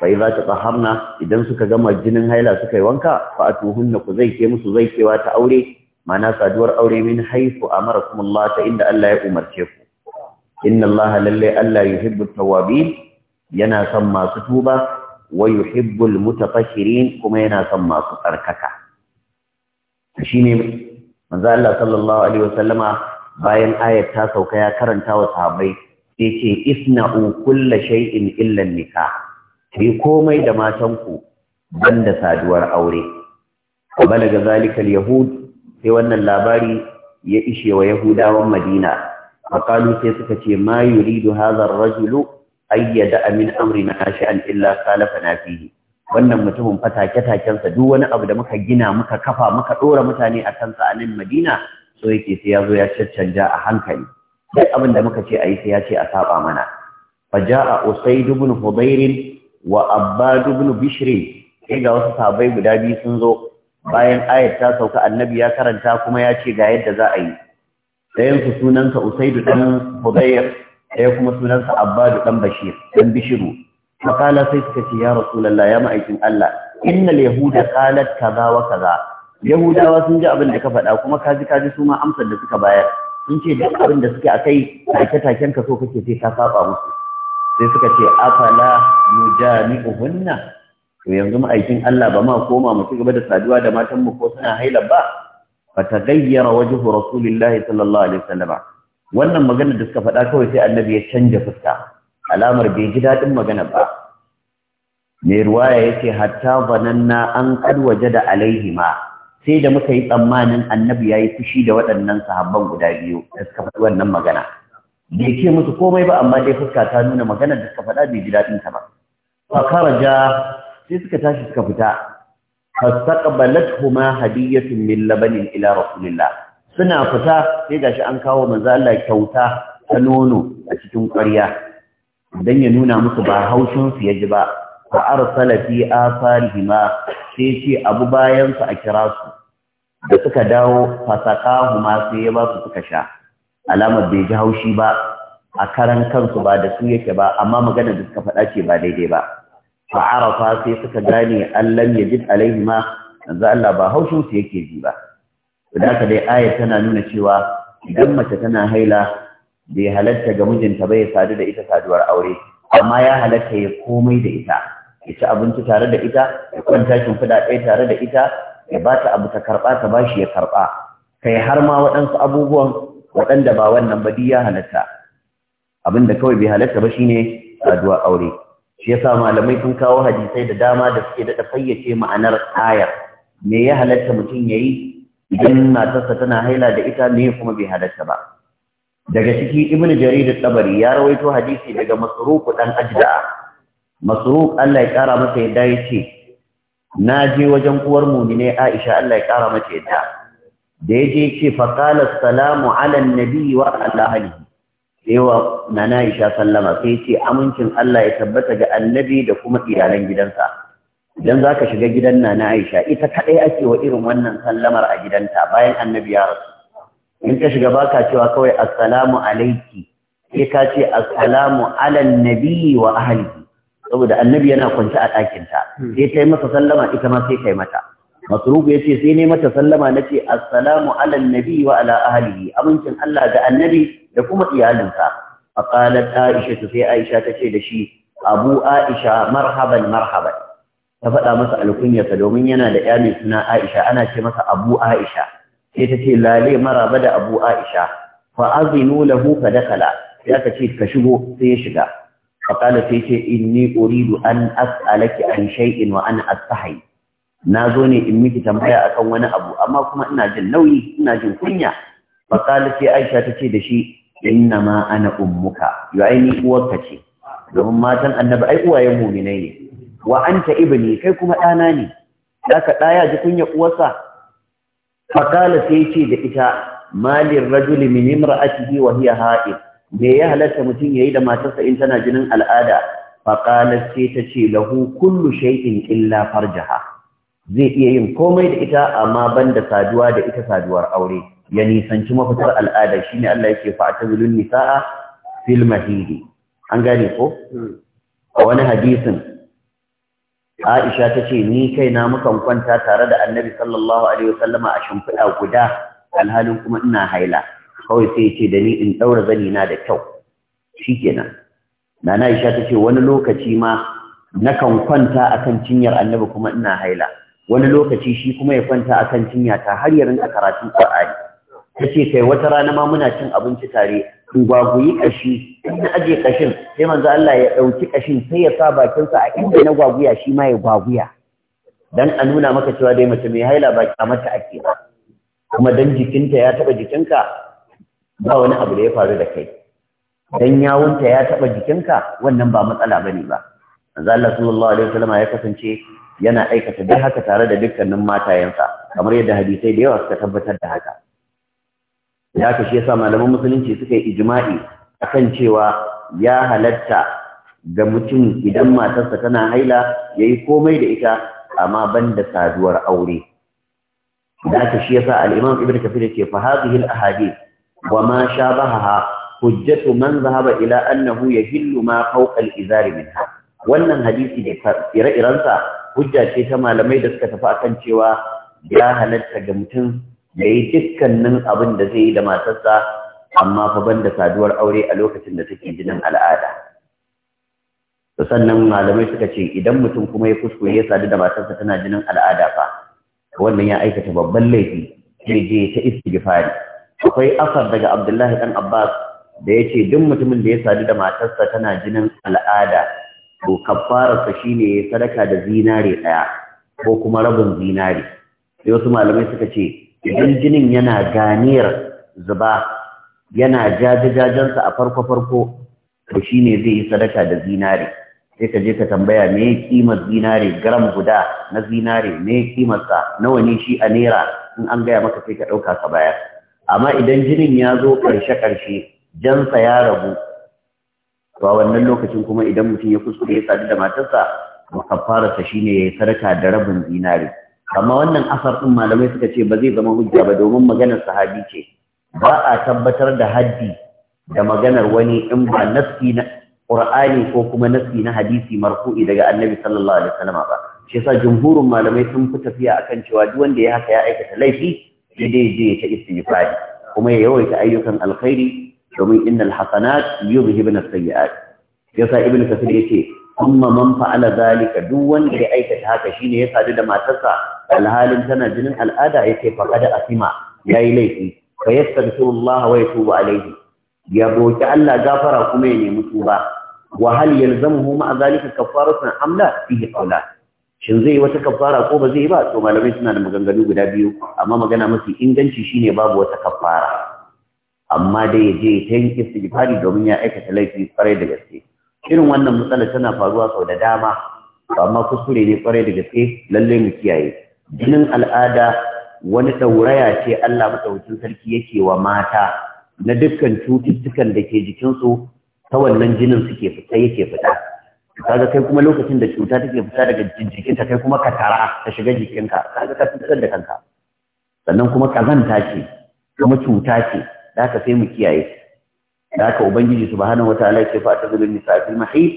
fa idza tatahamna idan suka gama jinin haila suka yi wanka fa atuhunna ku zai ke musu zai kewa ta aure mana saduwar aure min haifu amarakum Allah ta inda Allah ya umarce ku inna Allah lalle Allah yuhibbu tawabin yana son masu tuba wa yuhibbu mutatahhirin kuma yana son masu tsarkaka shine manzo Allah sallallahu alaihi wasallama bayan ayat ta sauka ya karanta wa sahabbai yace isna'u kulle shay'in illa nikah yi komai da matan ku banda saduwar aure balaga zalika al-yahud sai wannan labari ya ishe wa yahudawan madina makalu sai suka ce ma yuridu hadha ar-rajulu ayyada min amrina sha'an illa na fihi wannan mutumin fatake taken sa duk wani abu da muka gina muka kafa muka dora mutane a kansa a nan madina so yake sai ya zo ya caccanja a hankali Sai abin da muka ce yi sai ya ce a saba mana faja'a usayd ibn hudayr wa abbad ibn bishr sai ga wasu sabai guda biyu sun zo bayan ayat ta sauka annabi ya karanta kuma ya ce ga yadda za a yi ɗayan su usaidu ɗan hudayr ɗaya kuma sunansa abbadu ɗan bashir dan bishiru فقال سيدك ya رسول الله يا مأيكم الله إن اليهود قالت كذا وكذا Yahudawa sun ji abin da ka faɗa kuma ka ji ka ji su ma amsar da suka bayar sun ce duk abin da suke akai take taken ka so kake sai ka saba musu sai suka ce afala nujami'uhunna to yanzu ma'aikin Allah ba ma koma mu ci gaba da saduwa da matan mu ko suna haila ba fa tagayyara wajhu rasulillahi sallallahu alaihi wasallam wannan magana da suka faɗa kawai sai annabi ya canja fuska alamar bai ji daɗin magana ba mai ruwaya yace hatta bananna an kad wajada alaihima sai da muka yi tsammanin annabi yayi fushi da waɗannan sahabban guda biyu da suka faɗi wannan magana bai ce musu komai ba amma dai fuska ta nuna magana da suka faɗa bai ji daɗin ta ba fa sai suka tashi suka fita fastaqbalatuhuma hadiyatun min labanin ila rasulillah suna fita sai gashi an kawo manzo Allah kyauta ta nono a cikin ƙarya dan ya nuna musu ba haushin su yaji ba fa arsala fi asarihima sai ce abu bayan su a kira su da suka dawo fasaqahuma sai ya ba su suka sha alamar bai ji haushi ba a karan kansu ba da su yake ba amma magana da suka faɗa ce ba daidai ba fa'arafa sai suka gane allan ya jid alaihi ma yanzu Allah ba haushinsu yake ji ba da haka dai ayar tana nuna cewa idan mace tana haila bai halatta ga mijinta ba ya sadu da ita saduwar aure amma ya halatta ya komai da ita ya ci abinci tare da ita ya kwanta shimfiɗa ɗaya tare da ita ya ba ta abu ta karɓa ta bashi ya karɓa kai har ma waɗansu abubuwan waɗanda ba wannan ba duk ya halatta abin kawai bai halatta ba shine saduwar aure shi yasa malamai sun kawo hadisai da dama da suke da fayyace ma'anar ayar me ya halatta mutum yayi idan matarsa tana haila da ita me kuma bai halatta ba daga ciki ibnu jarir at-tabari ya rawaito hadisi daga masruq dan ajda masruq Allah ya kara masa yadda yace na je wajen uwar mu'mine Aisha Allah ya kara mata yadda da yaje ce qala assalamu ala an-nabi wa ala alihi yawa nana Aisha sallama sai ce amincin Allah ya tabbata ga annabi da kuma iyalan gidansa idan zaka shiga gidan nana Aisha ita kadai ake wa irin wannan sallamar a gidanta bayan annabi ya rasu in ka shiga baka cewa kawai assalamu alaiki' sai ka ce assalamu ala nabi wa ahlihi saboda annabi yana kwance a ɗakin ta hmm. sai ta yi masa sallama ita ma sai ta yi mata ya ce sai ne mata sallama nace assalamu ala annabi wa ala amincin Allah ga annabi da kuma iyalinsa faqalat aisha sai aisha tace da shi abu aisha marhaban marhaban ta faɗa masa alkunyarsa domin yana da ya mai suna aisha ana ce masa abu aisha sai ta ce lale maraba da abu aisha fa azinu lahu fa dakala sai aka ce ka shigo sai ya shiga fa qala sai ce inni uridu an as'alaki an shay'in wa an astahi na zo ne in miki tambaya akan wani abu amma kuma ina jin nauyi ina jin kunya fa sai Aisha ta ce da shi inna ma ana ummuka yo ai uwarka ce domin matan annabi ai uwayen mu'minai ne wa anta ibni kai kuma ɗana ne zaka ɗaya ji kunya uwarsa fa qala sai ce da ita malir rajuli min imra'atihi wa hiya ha'id me ya halatta mutum yayi da matarsa in tana jinin al'ada fa qalat sai ta ce lahu kullu shay'in illa farjaha zai iya yin komai da ita amma banda saduwa da ita saduwar aure ya nisanci mafitar al'ada ne Allah yake fa atazilun nisaa fil mahidi an gane ko a wani hadisin Aisha ta ce ni na mukan kwanta tare da Annabi sallallahu alaihi wasallama a shimfiɗa guda alhalin kuma ina haila kawai sai ya ce da ni in daura zani na da kyau shikenan Nana Aisha ta ce wani lokaci ma nakan kwanta akan cinyar Annabi kuma ina haila wani lokaci shi kuma ya kwanta a kan cinya ta har ya rinka karatun Ta ce kai wata rana ma muna cin abinci tare in gwaguyi in aje kashin sai manzo Allah ya ɗauki kashin sai ya sa bakinsa a inda na gwaguya shi ma ya gwaguya dan a nuna maka cewa dai mace mai haila ba a mata ake ba kuma dan jikinta ya taɓa jikinka ba wani abu da ya faru da kai dan yawunta ya taba jikinka wannan ba matsala bane ba manzo Allah sallallahu alaihi wasallam ya kasance yana aikata dai haka tare da dukkanin matayensa kamar yadda hadisai da yawa suka tabbatar da haka Ya haka shi yasa malaman musulunci suka yi ijma'i akan cewa ya halatta ga mutum idan matarsa tana haila ya yi komai da ita amma banda saduwar aure da haka shi yasa alimam imam Ibn Kathir ce fa hadhihi al-ahadith wa ma shabahaha hujjatu man zahaba ila annahu yahillu ma fawqa al-izar minha wannan hadisi da ire-irensa hujja ce ta malamai da suka tafi akan cewa ya halatta ga mutum da yi dukkanin abin da zai yi da matarsa amma fa banda saduwar aure a lokacin da take jinin al'ada sannan malamai suka ce idan mutum kuma ya kuskure ya sadu da matarsa tana jinin al'ada fa wannan ya aikata babban laifi sai je ta istighfari akwai asar daga Abdullahi dan Abbas da yace duk mutumin da ya sadu da matarsa tana jinin al'ada to kaffararsa shine ya sadaka da zinare ɗaya ko kuma rabin zinare sai wasu malamai suka ce idan jinin yana ganiyar zuba yana jajajajensa a farko-farko to shine zai yi sadaka da zinare sai ka je ka tambaya me kimar zinare gram guda na zinare me kimarsa nawa ne shi a naira in an gaya maka sai ka ɗauka ka bayar amma idan jinin ya zo ƙarshe-ƙarshe jansa ya rabu to a wannan lokacin kuma idan mutum ya kuskure ya sadu da matarsa ta shine ya sarka da rabin zinari. amma wannan asar din malamai suka ce ba zai zama hujja ba domin maganar sahabi ce ba a tabbatar da haddi da maganar wani in ba nafsi na Qur'ani ko kuma nafsi na hadisi marfu'i daga Annabi sallallahu alaihi wasallam ba shi yasa jumhurun malamai sun fi tafiya akan cewa duk wanda ya haka ya aikata laifi sai dai je ya ta istighfari kuma ya yawaita ayyukan alkhairi domin innal hasanat yuzhibun as-sayyi'at yasa ibnu ya yace amma man fa'ala zalika duk wanda ya aikata haka shine ya sadu da matarsa alhalin tana jinin al'ada yace faqad asima yayi laifi fa yastaghfirullah wa yatubu alayhi ya boki Allah gafara kuma ya nemi tuba wa hal yalzamuhu ma zalika kafaratun am la fihi qawlan shin zai wata kafara ko ba zai ba to malamai suna da maganganu guda biyu amma magana mafi inganci shine babu wata kafara amma dai ya je ta yin istighfari domin ya aikata laifi kwarai da gaske irin wannan matsala tana faruwa sau da dama amma kuskure ne kwarai da gaske lallai mu kiyaye jinin al'ada wani ɗauraya ce Allah madaukakin sarki yake wa mata na dukkan cututtukan da ke jikinsu ta wannan jinin suke fita yake fita kaga kai kuma lokacin da cuta take fita daga jikinta kai kuma ka tara ta shiga jikinka kaga ka fitar da kanka sannan kuma kazanta ce kuma cuta ce da haka sai mu kiyaye da haka ubangiji subhanahu wataala yake fa tazuru nisa fil mahid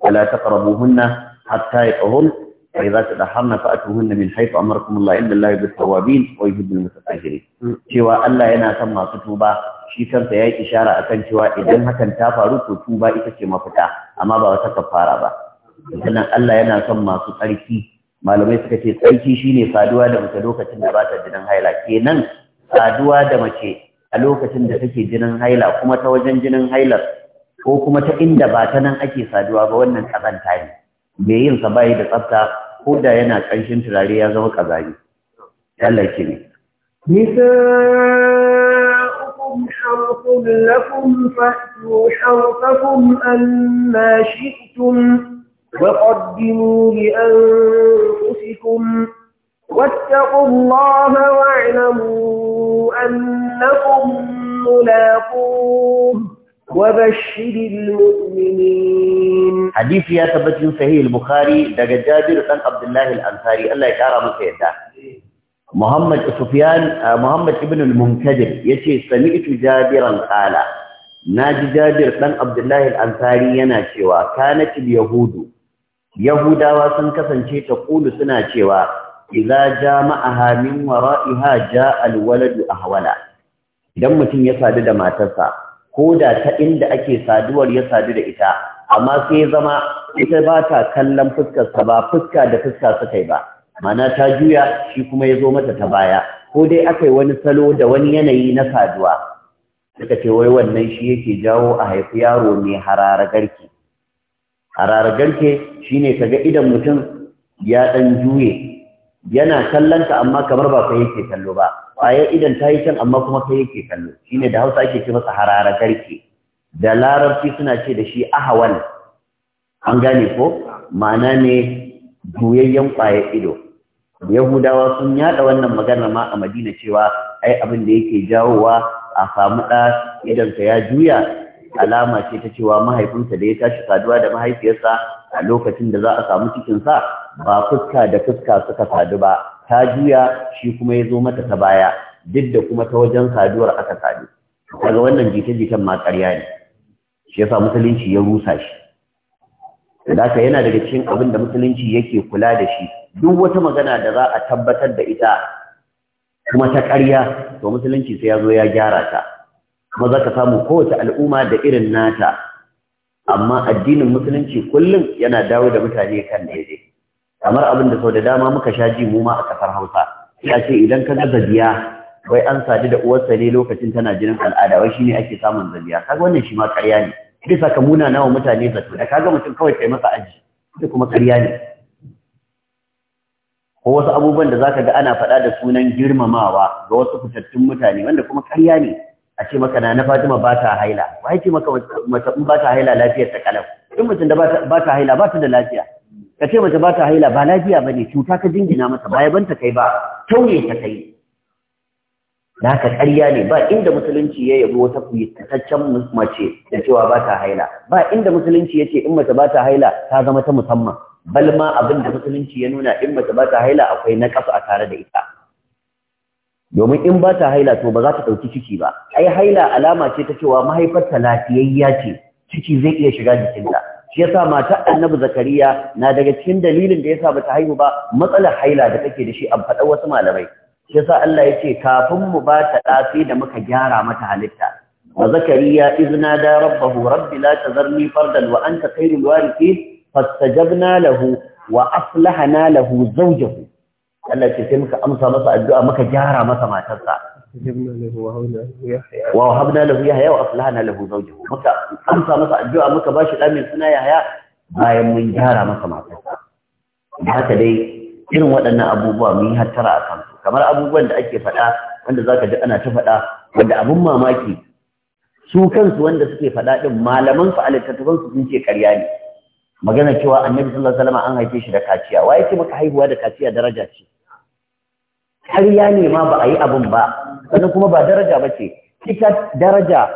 wala taqrabuhunna hatta yatahun fa idza tadahharna fa atuhunna min haythu amarakum Allah inna Allah yuhibbu tawabin wa yuhibbu mutatahhirin cewa Allah yana son masu tuba shi kansa ya yi ishara akan cewa idan hakan ta faru to tuba ita ce mafita amma ba wata kafara ba sannan Allah yana son masu tsarki malamai suka ce tsarki shine saduwa da mace lokacin da ba ta gidan haila kenan saduwa da mace a lokacin da take jinin haila kuma ta wajen jinin hailar ko kuma ta inda ba ta nan ake saduwa ba wannan kazanta ne mai yin sa bayi da tsafta ko da yana ƙanshin turare ya zama kazani Allah ki ne nisa'ukum harfun وقدموا لأنفسكم واتقوا الله واعلموا أنكم ملاقوه وبشر المؤمنين حديث يا ثبت صحيح البخاري دقى جابر بن عبد الله الأنصاري الله يكرمه سيدا محمد سفيان محمد ابن المنكدر يتي سمعت جابرا قال ناجي جابر بن عبد الله الأنصاري ينا شوا كانت اليهود يهودا وسن كسنشي تقول سنا شوا idza jama'aha min wara'iha ja'a alwaladu ahwala idan mutum ya sadu da matarsa ko da ta inda ake saduwar ya sadu da ita amma sai zama ita ba ta kallon fuskarsa ba fuska da fuska suka yi ba mana ta juya shi kuma ya zo mata ta baya ko dai aka wani salo da wani yanayi na saduwa suka ce wai wannan shi yake jawo a haifi yaro mai harara garke harara garke shine kaga idan mutum ya dan juye yana kallon amma kamar ba kai yake kallo ba kwaye idan ta yi can amma kuma kai yake kallo shine da Hausa ake ce masa harara garke da larabci suna ce da shi ahawal an gane ko ma'ana ne juyayyen kwaye ido yahudawa sun yada wannan magana ma a madina cewa ai abin da yake jawowa a samu ɗa idan ta ya juya alama ce ta cewa mahaifinsa da ya tashi saduwa da mahaifiyarsa a lokacin da za a samu cikinsa ba fuska da fuska suka sadu ba ta juya shi kuma ya zo mata ta baya duk da kuma ta wajen saduwar aka sadu daga wannan jita-jitan ma ƙarya ne shi yasa musulunci ya rusa shi Daka yana daga cikin abin da musulunci yake kula da shi duk wata magana da za a tabbatar da ita kuma ta ƙarya to musulunci sai ya zo ya gyara ta kuma za ka samu kowace al'umma da irin nata amma addinin musulunci kullum yana dawo da mutane kan daidai kamar abin da sau da dama muka sha ji mu ma a kasar Hausa ya ce idan ka ga zabiya wai an sadu da uwarsa ne lokacin tana jinin al'ada wai shine ake samun zabiya kaga wannan shi ma ƙarya ne bisa ka muna nawa mutane zato da kaga mutum kawai kai masa aji da kuma ƙarya ne ko wasu abubuwan da zaka ga ana faɗa da sunan girmamawa ga wasu fitattun mutane wanda kuma karya ne a ce maka na Fatima ba ta haila ba ce maka mace ba ta haila lafiyar ta kalam in da ba ta haila ba ta da lafiya ka ce mace ba ta haila ba lafiya bane cuta ka jingina mata ba yabanta kai ba tauye ta kai da ka ƙarya ne ba inda musulunci ya yabo wata kuyataccen mace da cewa ba ta haila ba inda musulunci yace in mace ba ta haila ta zama ta musamman bal ma abin musulunci ya nuna in mace ba ta haila akwai na ƙasa a tare da ita domin in ba ta haila to ba za ta ɗauki ciki ba ai haila alama ce ta cewa mahaifarta lafiyayya ce ciki zai iya shiga jikinta shi yasa mata annabi zakariya na daga cikin dalilin da yasa bata haihu ba matsalar haila da take da shi an faɗa wasu malamai shi yasa Allah ya ce kafin mu ba ta da muka gyara mata halitta wa zakariya izna da rabbahu rabbi la tazarni fardan wa anta khairul warithin fastajabna lahu wa aslahana lahu zawjahu Allah ce sai muka amsa masa addu'a muka gyara masa matarsa wa habna lahu yahya wa aflahna lahu zawjahu muka amsa masa addu'a muka bashi da mai suna yahya bayan mun gyara masa matarsa haka dai irin waɗannan abubuwa mun yi hattara a kansu kamar abubuwan da ake faɗa wanda ka ji ana ta faɗa wanda abun mamaki su kansu wanda suke faɗa ɗin malaman su a littattafan su sun ce karya ne magana cewa annabi sallallahu alaihi wasallam an haife shi da kaciya wa yake maka haihuwa da kaciya daraja ce ƙarya ne ma ba a yi abin ba sannan kuma ba daraja ba ce ita daraja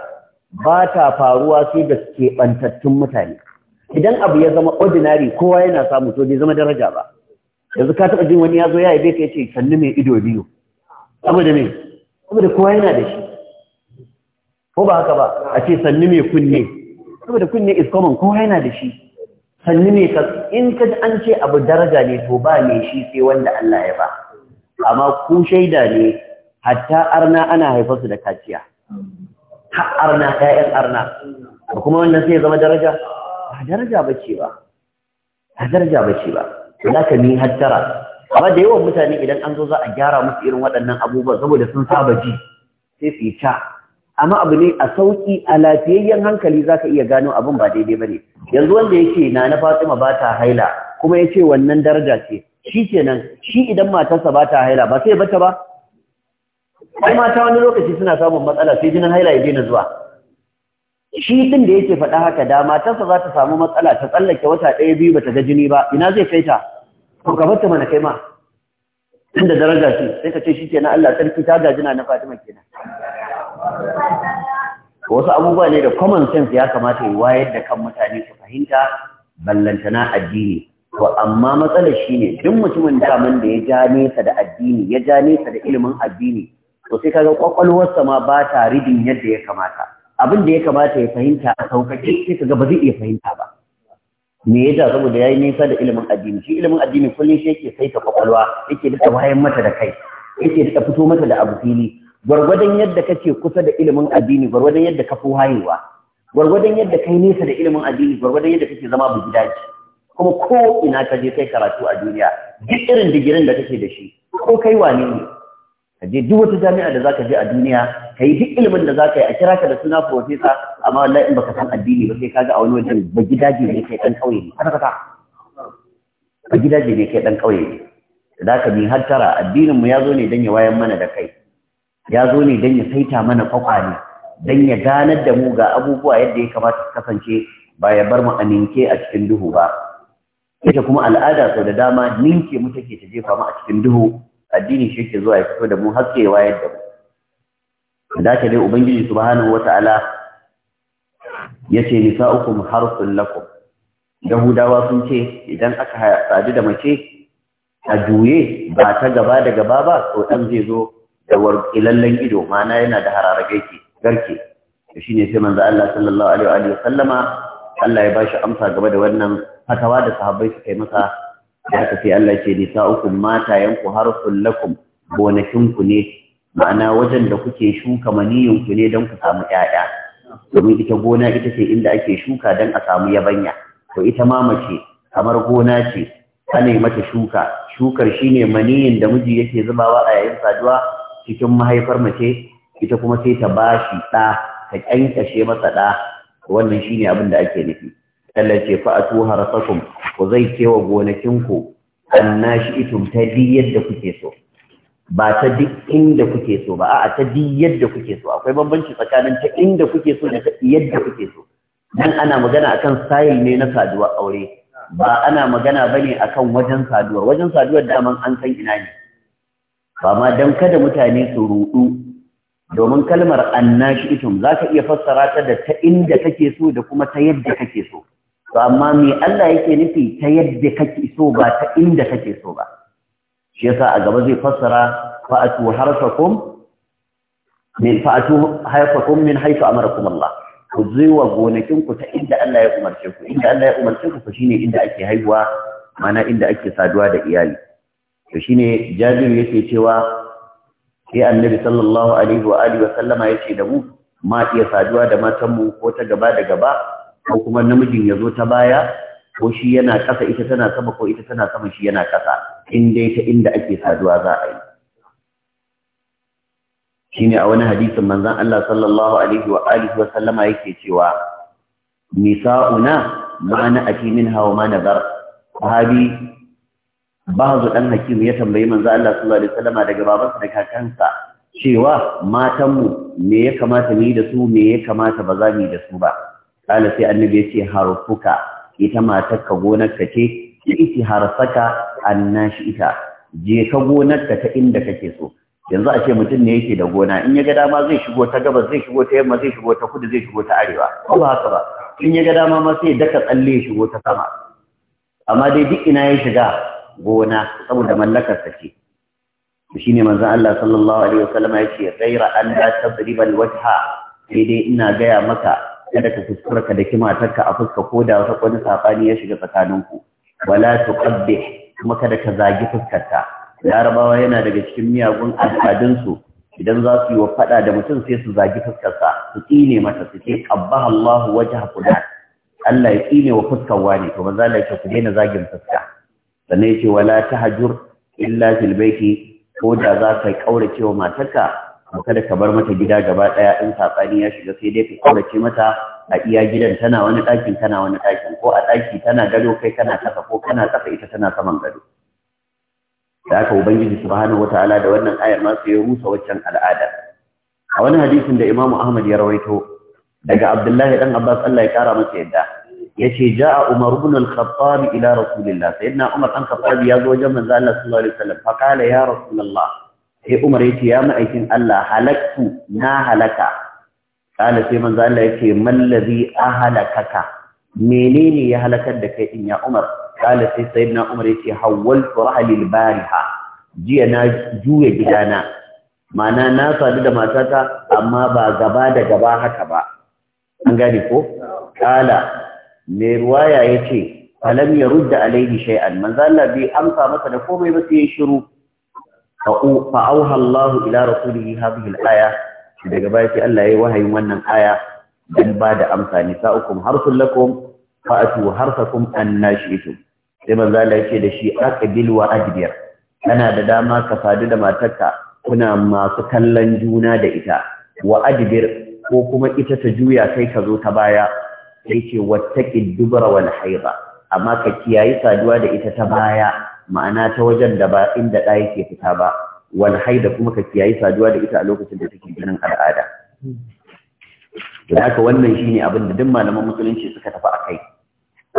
ba ta faruwa sai da keɓantattun mutane idan abu ya zama ordinary kowa yana samu to bai zama daraja ba yanzu ka taɓa jin wani ya zo ya yabe ka ce, sannu mai ido biyu saboda me saboda kowa yana da shi ko ba haka ba a ce sannu mai kunne saboda kunne is common kowa yana da shi sannu mai in ka an ce abu daraja ne to ba ne shi sai wanda Allah ya ba amma ku shaida ne hatta arna ana haifarsu da kaciya har arna ƴaƴan arna kuma wannan sai ya zama daraja ba daraja ba ce ba ba daraja ba ce ba za ka ni hattara amma da yawan mutane idan an zo za a gyara musu irin waɗannan abubuwa saboda sun saba ji sai su yi ca amma abu ne a sauƙi a lafiyayyen hankali za ka iya gano abin ba daidai ba ne yanzu wanda yake na na fatima ba ta haila kuma ya ce wannan daraja ce shi nan, shi idan matarsa ba ta haila ba sai bata ba ai mata wani lokaci suna samun matsala sai jinin haila ya daina zuwa shi din da yake faɗa haka da matarsa za ta samu matsala ta tsallake wata ɗaya biyu bata ga jini ba ina zai kai ta ko ka bata mana kai ma tunda daraja ce sai ka ce shi na Allah sarki ta ga jina na Fatima kenan wasu abubuwa ne da common sense ya kamata ya wayar da kan mutane su fahimta ballantana addini To amma matsalar shi ne duk mutumin daman da ya ja nesa da addini, ya ja nesa da ilimin addini, to sai kaga kwakwalwarsa ma ba ta ridin yadda ya kamata. Abin da ya kamata ya fahimta a sauƙaƙe sai kaga ba zai iya fahimta ba. Me ya ja saboda ya yi nesa da ilimin addini, shi ilimin addini kullum shi yake saita kwakwalwa, yake duka wayan mata da kai, yake duka fito mata da abu fili. Gwargwadon yadda kake kusa da ilimin addini, gwargwadon yadda ka fi wayewa, gwargwadon yadda kai nesa da ilimin addini, gwargwadon yadda kake zama bugidaji. kuma ko ina ka je kai karatu a duniya duk irin digirin da kake da shi ko kai wane ne ka je duk wata jami'a da zaka je a duniya ka yi duk ilimin da zaka yi a kira ka da suna profesa amma wallahi in baka san addini ba sai kaga a wani wajen ba gidaje ne kai dan kauye ne kada ka ba gidaje ne kai dan kauye ne da ka bi har tara addinin mu ya zo ne dan ya wayan mana da kai ya zo ne dan ya saita mana kwakwale dan ya ganar da mu ga abubuwa yadda ya kamata su kasance ba ya bar mu aminke a cikin duhu ba ita kuma al'ada sau da dama ninke mu take ta jefa mu a cikin duhu addini shi ke zuwa ya fito da mu haske ya wayar da mu da dai ubangiji subhanahu wata'ala yace nisa'ukum harsun lakum yahudawa sun ce idan aka sadu da mace a juye ba ta gaba da gaba ba to dan zai zo da lallan ido ma'ana yana da hararage garke shine sai manzo Allah sallallahu alaihi wa sallama Allah ya bashi amsa game da wannan fatawa da sahabbai su kai masa da aka ce Allah ce uku mata yanku har kullakum gonakin ku ne ma'ana wajen da kuke shuka maniyin ku ne don ku samu ƴaƴa domin ita gona ita ce inda ake shuka don a samu yabanya to ita ma mace kamar gona ce ana mata shuka shukar shine maniyin da miji yake zubawa a yayin saduwa cikin mahaifar mace ita kuma sai ta bashi ɗa ta kyankyashe masa ɗa wannan shine abin da ake nufi Allah ce fa ku zai kewa gonakinku annashi itum ta di yadda kuke so ba ta duk inda kuke so ba a'a ta di yadda kuke so akwai bambanci tsakanin ta inda kuke so da ta yadda kuke so dan ana magana akan style ne na saduwa aure ba ana magana bane akan wajen saduwar wajen saduwar daman an san ina ne ba ma dan kada mutane su rudu domin kalmar annashi itum zaka iya fassara ta da ta inda kake so da kuma ta yadda kake so to amma me Allah yake nufi ta yadda kake so ba ta inda kake so ba shi yasa a gaba zai fassara fa'atu harfakum min fa'atu harfakum min haythu amarakum Allah ku zuwa gonakin ku ta inda Allah ya umarce ku inda Allah ya umarce ku ku shine inda ake haihuwa mana inda ake saduwa da iyali to shine Jabir yake cewa sai Annabi sallallahu alaihi wa alihi wa sallama yace da mu ma iya saduwa da matanmu ko ta gaba da gaba ko kuma namijin ya zo ta baya ko shi yana ƙasa ita tana sama ko ita tana sama shi yana ƙasa in dai ta inda ake saduwa za a yi shine a wani hadisin manzon Allah sallallahu alaihi wa alihi wa sallama yake cewa nisa'una ma na ati minha wa ma nazar sahabi bazu dan hakim ya tambayi manzon Allah sallallahu alaihi wa sallama daga babansa da kakansa cewa matanmu me ya kamata mu da su me ya kamata ba za mu da su ba kala sai annabi ya ce harfuka ita matarka gonarka ce iti harsaka annashi ita je ka ka ta inda kake so yanzu a ce mutum ne yake da gona in ya ga dama zai shigo ta gabas zai shigo ta yamma zai shigo ta kudu zai shigo ta arewa ko ba haka ba in ya ga dama ma sai daka tsalle ya shigo ta sama amma dai duk ina ya shiga gona saboda mallakar sa ce ne manzon Allah sallallahu alaihi wasallam ya ce ghaira an la tadriba alwajha sai dai ina gaya maka kada ka kuskura ka daki matarka a fuska ko da wata wani sabani ya shiga tsakaninku wala tuqabbih kuma kada ka zagi fuskarta larabawa yana daga cikin miyagun al'adunsu idan za su yi wa fada da mutum sai su zagi fuskarsa su tsine mata su ce qabbaha Allah wajha Allah ya tsine wa fuskar wani to maza ke ku daina zagin fuska sannan yace wala tahajur illa fil baiti ko da za ka kaurace wa matarka kada ka bar mata gida gaba ɗaya in saɓani ya shiga sai dai ka kaurace mata a iya gidan tana wani ɗakin tana wani ɗakin ko a ɗaki tana gado kai kana kasa, ko kana kasa, ita tana saman gado da haka ubangiji subhanahu wataala da wannan ayar ma sai ya rusa waccan al'ada a wani hadisin da imamu ahmad ya rawaito daga abdullahi dan abbas Allah ya kara masa yadda yace jaa umar ibn al-khattab ila rasulillah sayyidina umar dan khattab ya zo wajen manzo Allah sallallahu alaihi wasallam fa qala ya rasulullah sai Umar yace ya ma'aikin Allah halaktu na halaka kala sai manzo Allah yace mallazi ahalakaka menene ya halakar da kai din ya Umar kala sai sayyidina Umar yace hawwaltu rahlil bariha jiya na juya gidana ma'ana na sadu da matata amma ba gaba da gaba haka ba an gane ko kala mai ruwaya yace falam yarudda alaihi shay'an manzo Allah bai amsa masa da komai ba sai ya shiru fa'auha Allah ila rasulihi hadhihi al-aya daga baya ce Allah yi wahayin wannan aya dan ba da amsa ni sa'ukum harsul lakum an harsakum annashitum sai manzo ya ce da shi aqbil wa adbir kana da dama ka sadu da matarka kuna masu kallon juna da ita wa adbir ko kuma ita ta juya kai ka zo ta baya sai ce ƙin dubra wani haida amma ka kiyayi saduwa da ita ta baya ma'ana ta wajen da ba inda ɗa yake fita ba wal haida kuma ka kiyayi saduwa da ita a lokacin da take ganin al'ada da haka wannan shine abin da duk malaman musulunci suka tafi akai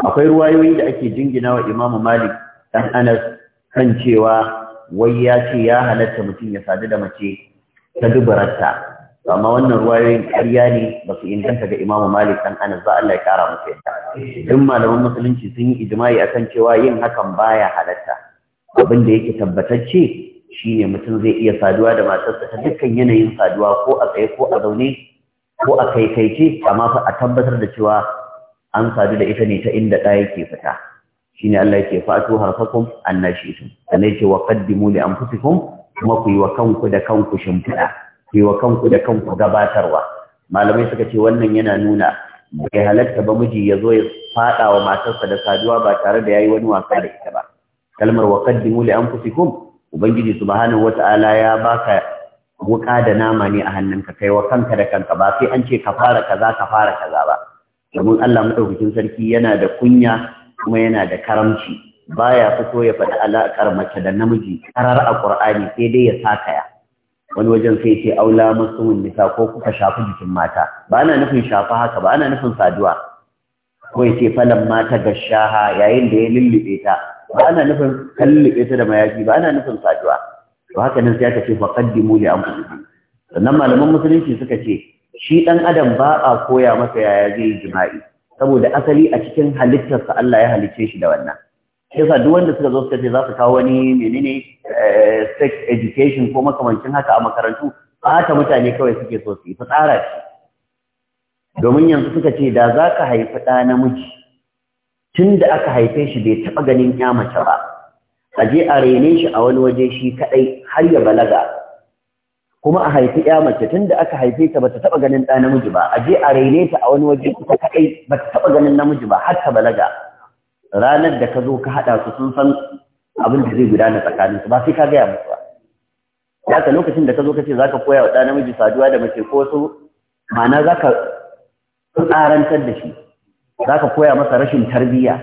akwai ruwayoyi da ake jingina wa imamu malik dan anas kan cewa wai ya ce ya halatta mutum ya sadu da mace ta dubararta amma wannan ruwayoyin ƙarya ne ba su inganta ga imamu malik dan anas ba Allah ya kara musu yadda duk malaman musulunci sun yi ijma'i akan cewa yin hakan baya halatta abin da yake tabbatacce shine mutum zai iya saduwa da matarsa ta dukkan yanayin saduwa ko a tsaye ko a zaune ko a kaikaice amma fa a tabbatar da cewa an sadu da ita ne ta inda ɗa yake fita shine Allah yake fa'atu harfakum annashitum sannan ce wa qaddimu li anfusikum kuma ku yi wa kanku da kanku shimfiɗa ku kanku da kanku gabatarwa malamai suka ce wannan yana nuna bai halatta ba miji ya zo ya fada wa matarsa da saduwa ba tare da yayi wani wasa da ita ba kalmar wa qaddimu li anfusikum ubangiji subhanahu wata'ala ya baka wuka da nama ne a hannunka kai wa kanka da kanka ba sai an ce ka fara kaza ka fara kaza ba domin Allah madaukakin sarki yana da kunya kuma yana da karamci baya fito ya faɗi alaƙar mace da namiji karar a Qur'ani sai dai ya sakaya wani wajen sai ce aula musumin nisa ko kuka shafi jikin mata ba ana nufin shafa haka ba ana nufin saduwa ko ya ce falan mata ga shaha yayin da ya lullube ta ba ana nufin kallube ta da mayafi ba ana nufin saduwa to haka nan sai aka ce qaddimu li anfusikum sannan malaman musulunci suka ce shi dan adam ba a koya masa yaya zai yi jima'i saboda asali a cikin halittarsa Allah ya halicce shi da wannan yasa duk wanda suka zo suka ce za su kawo wani menene eh, sex education ko makamancin haka a makarantu ɓata mutane kawai suke so su yi tsara shi domin yanzu suka ce da za ka haifi ɗa namiji tun da aka haife shi bai taɓa ganin ya mace ba a je a rene shi a wani waje shi kaɗai har ya balaga kuma a haifi ya mace tun da aka haife ta bata taɓa ganin ɗa namiji ba a je a rene ta a wani waje ita kaɗai bata taɓa ganin namiji ba har ta balaga ranar da ka zo ka haɗa su sun san abin da zai gudana tsakaninsu ba sai ka gaya musu ba ka lokacin da ka zo ka ce za ka koya wa ɗa namiji saduwa da mace ko wasu ma'ana za ka tsarantar da shi za ka koya masa rashin tarbiyya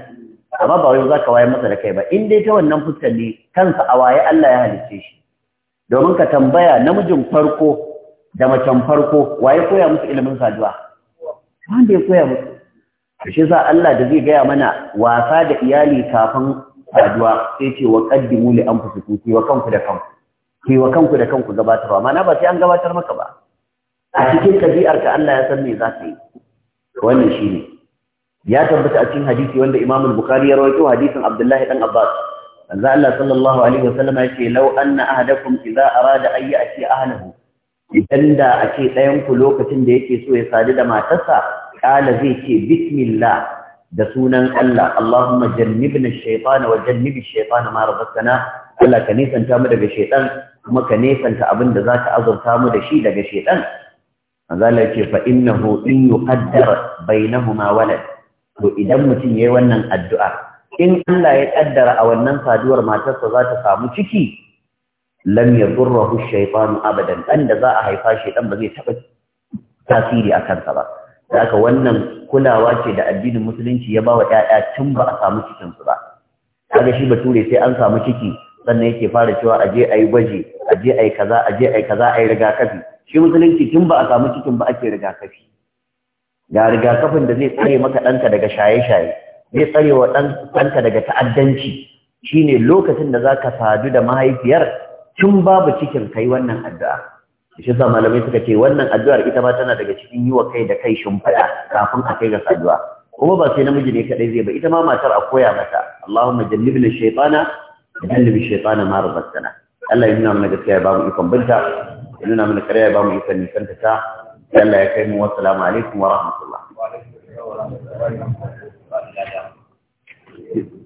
amma ba wai za ka waye masa da kai ba in dai ta wannan fuskar ne kansa a waye Allah ya halicce shi domin ka tambaya namijin farko da macen farko waye koya musu ilimin saduwa wanda ya koya musu shi sa Allah da zai gaya mana wasa da iyali kafin saduwa sai ce wa qaddimu li anfusikum ki wa kanku da kanku ki wa kanku da kanku gabatarwa Mana ba sai an gabatar maka ba a cikin tabi'ar ka Allah ya san me za ka yi wannan shine ya tabbata a cikin hadisi wanda Imam al-Bukhari ya rawaito hadisin Abdullahi dan Abbas manzo Allah sallallahu alaihi wasallam yace law anna ahadakum idza arada an ya'ti ahlihi idan da a ce ɗayan ku lokacin da yake so ya sadu da matarsa kala zai ce bismillah da sunan Allah Allahumma jannibna ash-shaytana wa jannibi ash ma razaqtana Allah ka nisanta mu daga shaytan kuma ka nesanta abin da zaka azurta mu da shi daga shaytan Allah ce fa innahu in yuqaddar bainahuma walad to idan mutum yayi wannan addu'a in Allah ya kaddara a wannan saduwar matarsa za ta samu ciki lam yadurruhu ash abadan dan da za a haifa shaiɗan ba zai taba tasiri a kansa ba da aka wannan kulawa ce da addinin musulunci ya ba wa ‘ya'ya tun ba a samu cikinsu ba kaga shi bature sai an samu ciki sannan yake fara cewa a je ayi gwaji a je ayi kaza a je ayi kaza a rigakafi shi musulunci tun ba a samu cikin ba ake rigakafi ga rigakafin da zai tsare maka ɗanka daga shaye-shaye zai tsare wa ɗanka daga ta'addanci shine lokacin da zaka sadu da mahaifiyar tun babu cikin kai wannan addu'a shi sa malamai suka ce wannan addu'ar ita ma tana daga cikin yi wa kai da kai shimfiɗa kafin a kai ga saduwa kuma ba sai namiji ne kaɗai zai ba ita ma matar a koya mata Allahumma jannibna shaytana jannibi shaytana ma rabbana Allah ya nuna mana gaskiya ya bamu ikon binta ya nuna mana ƙarya ya bamu ikon nisan ta Allah ya kai mu wassalamu alaikum wa rahmatullah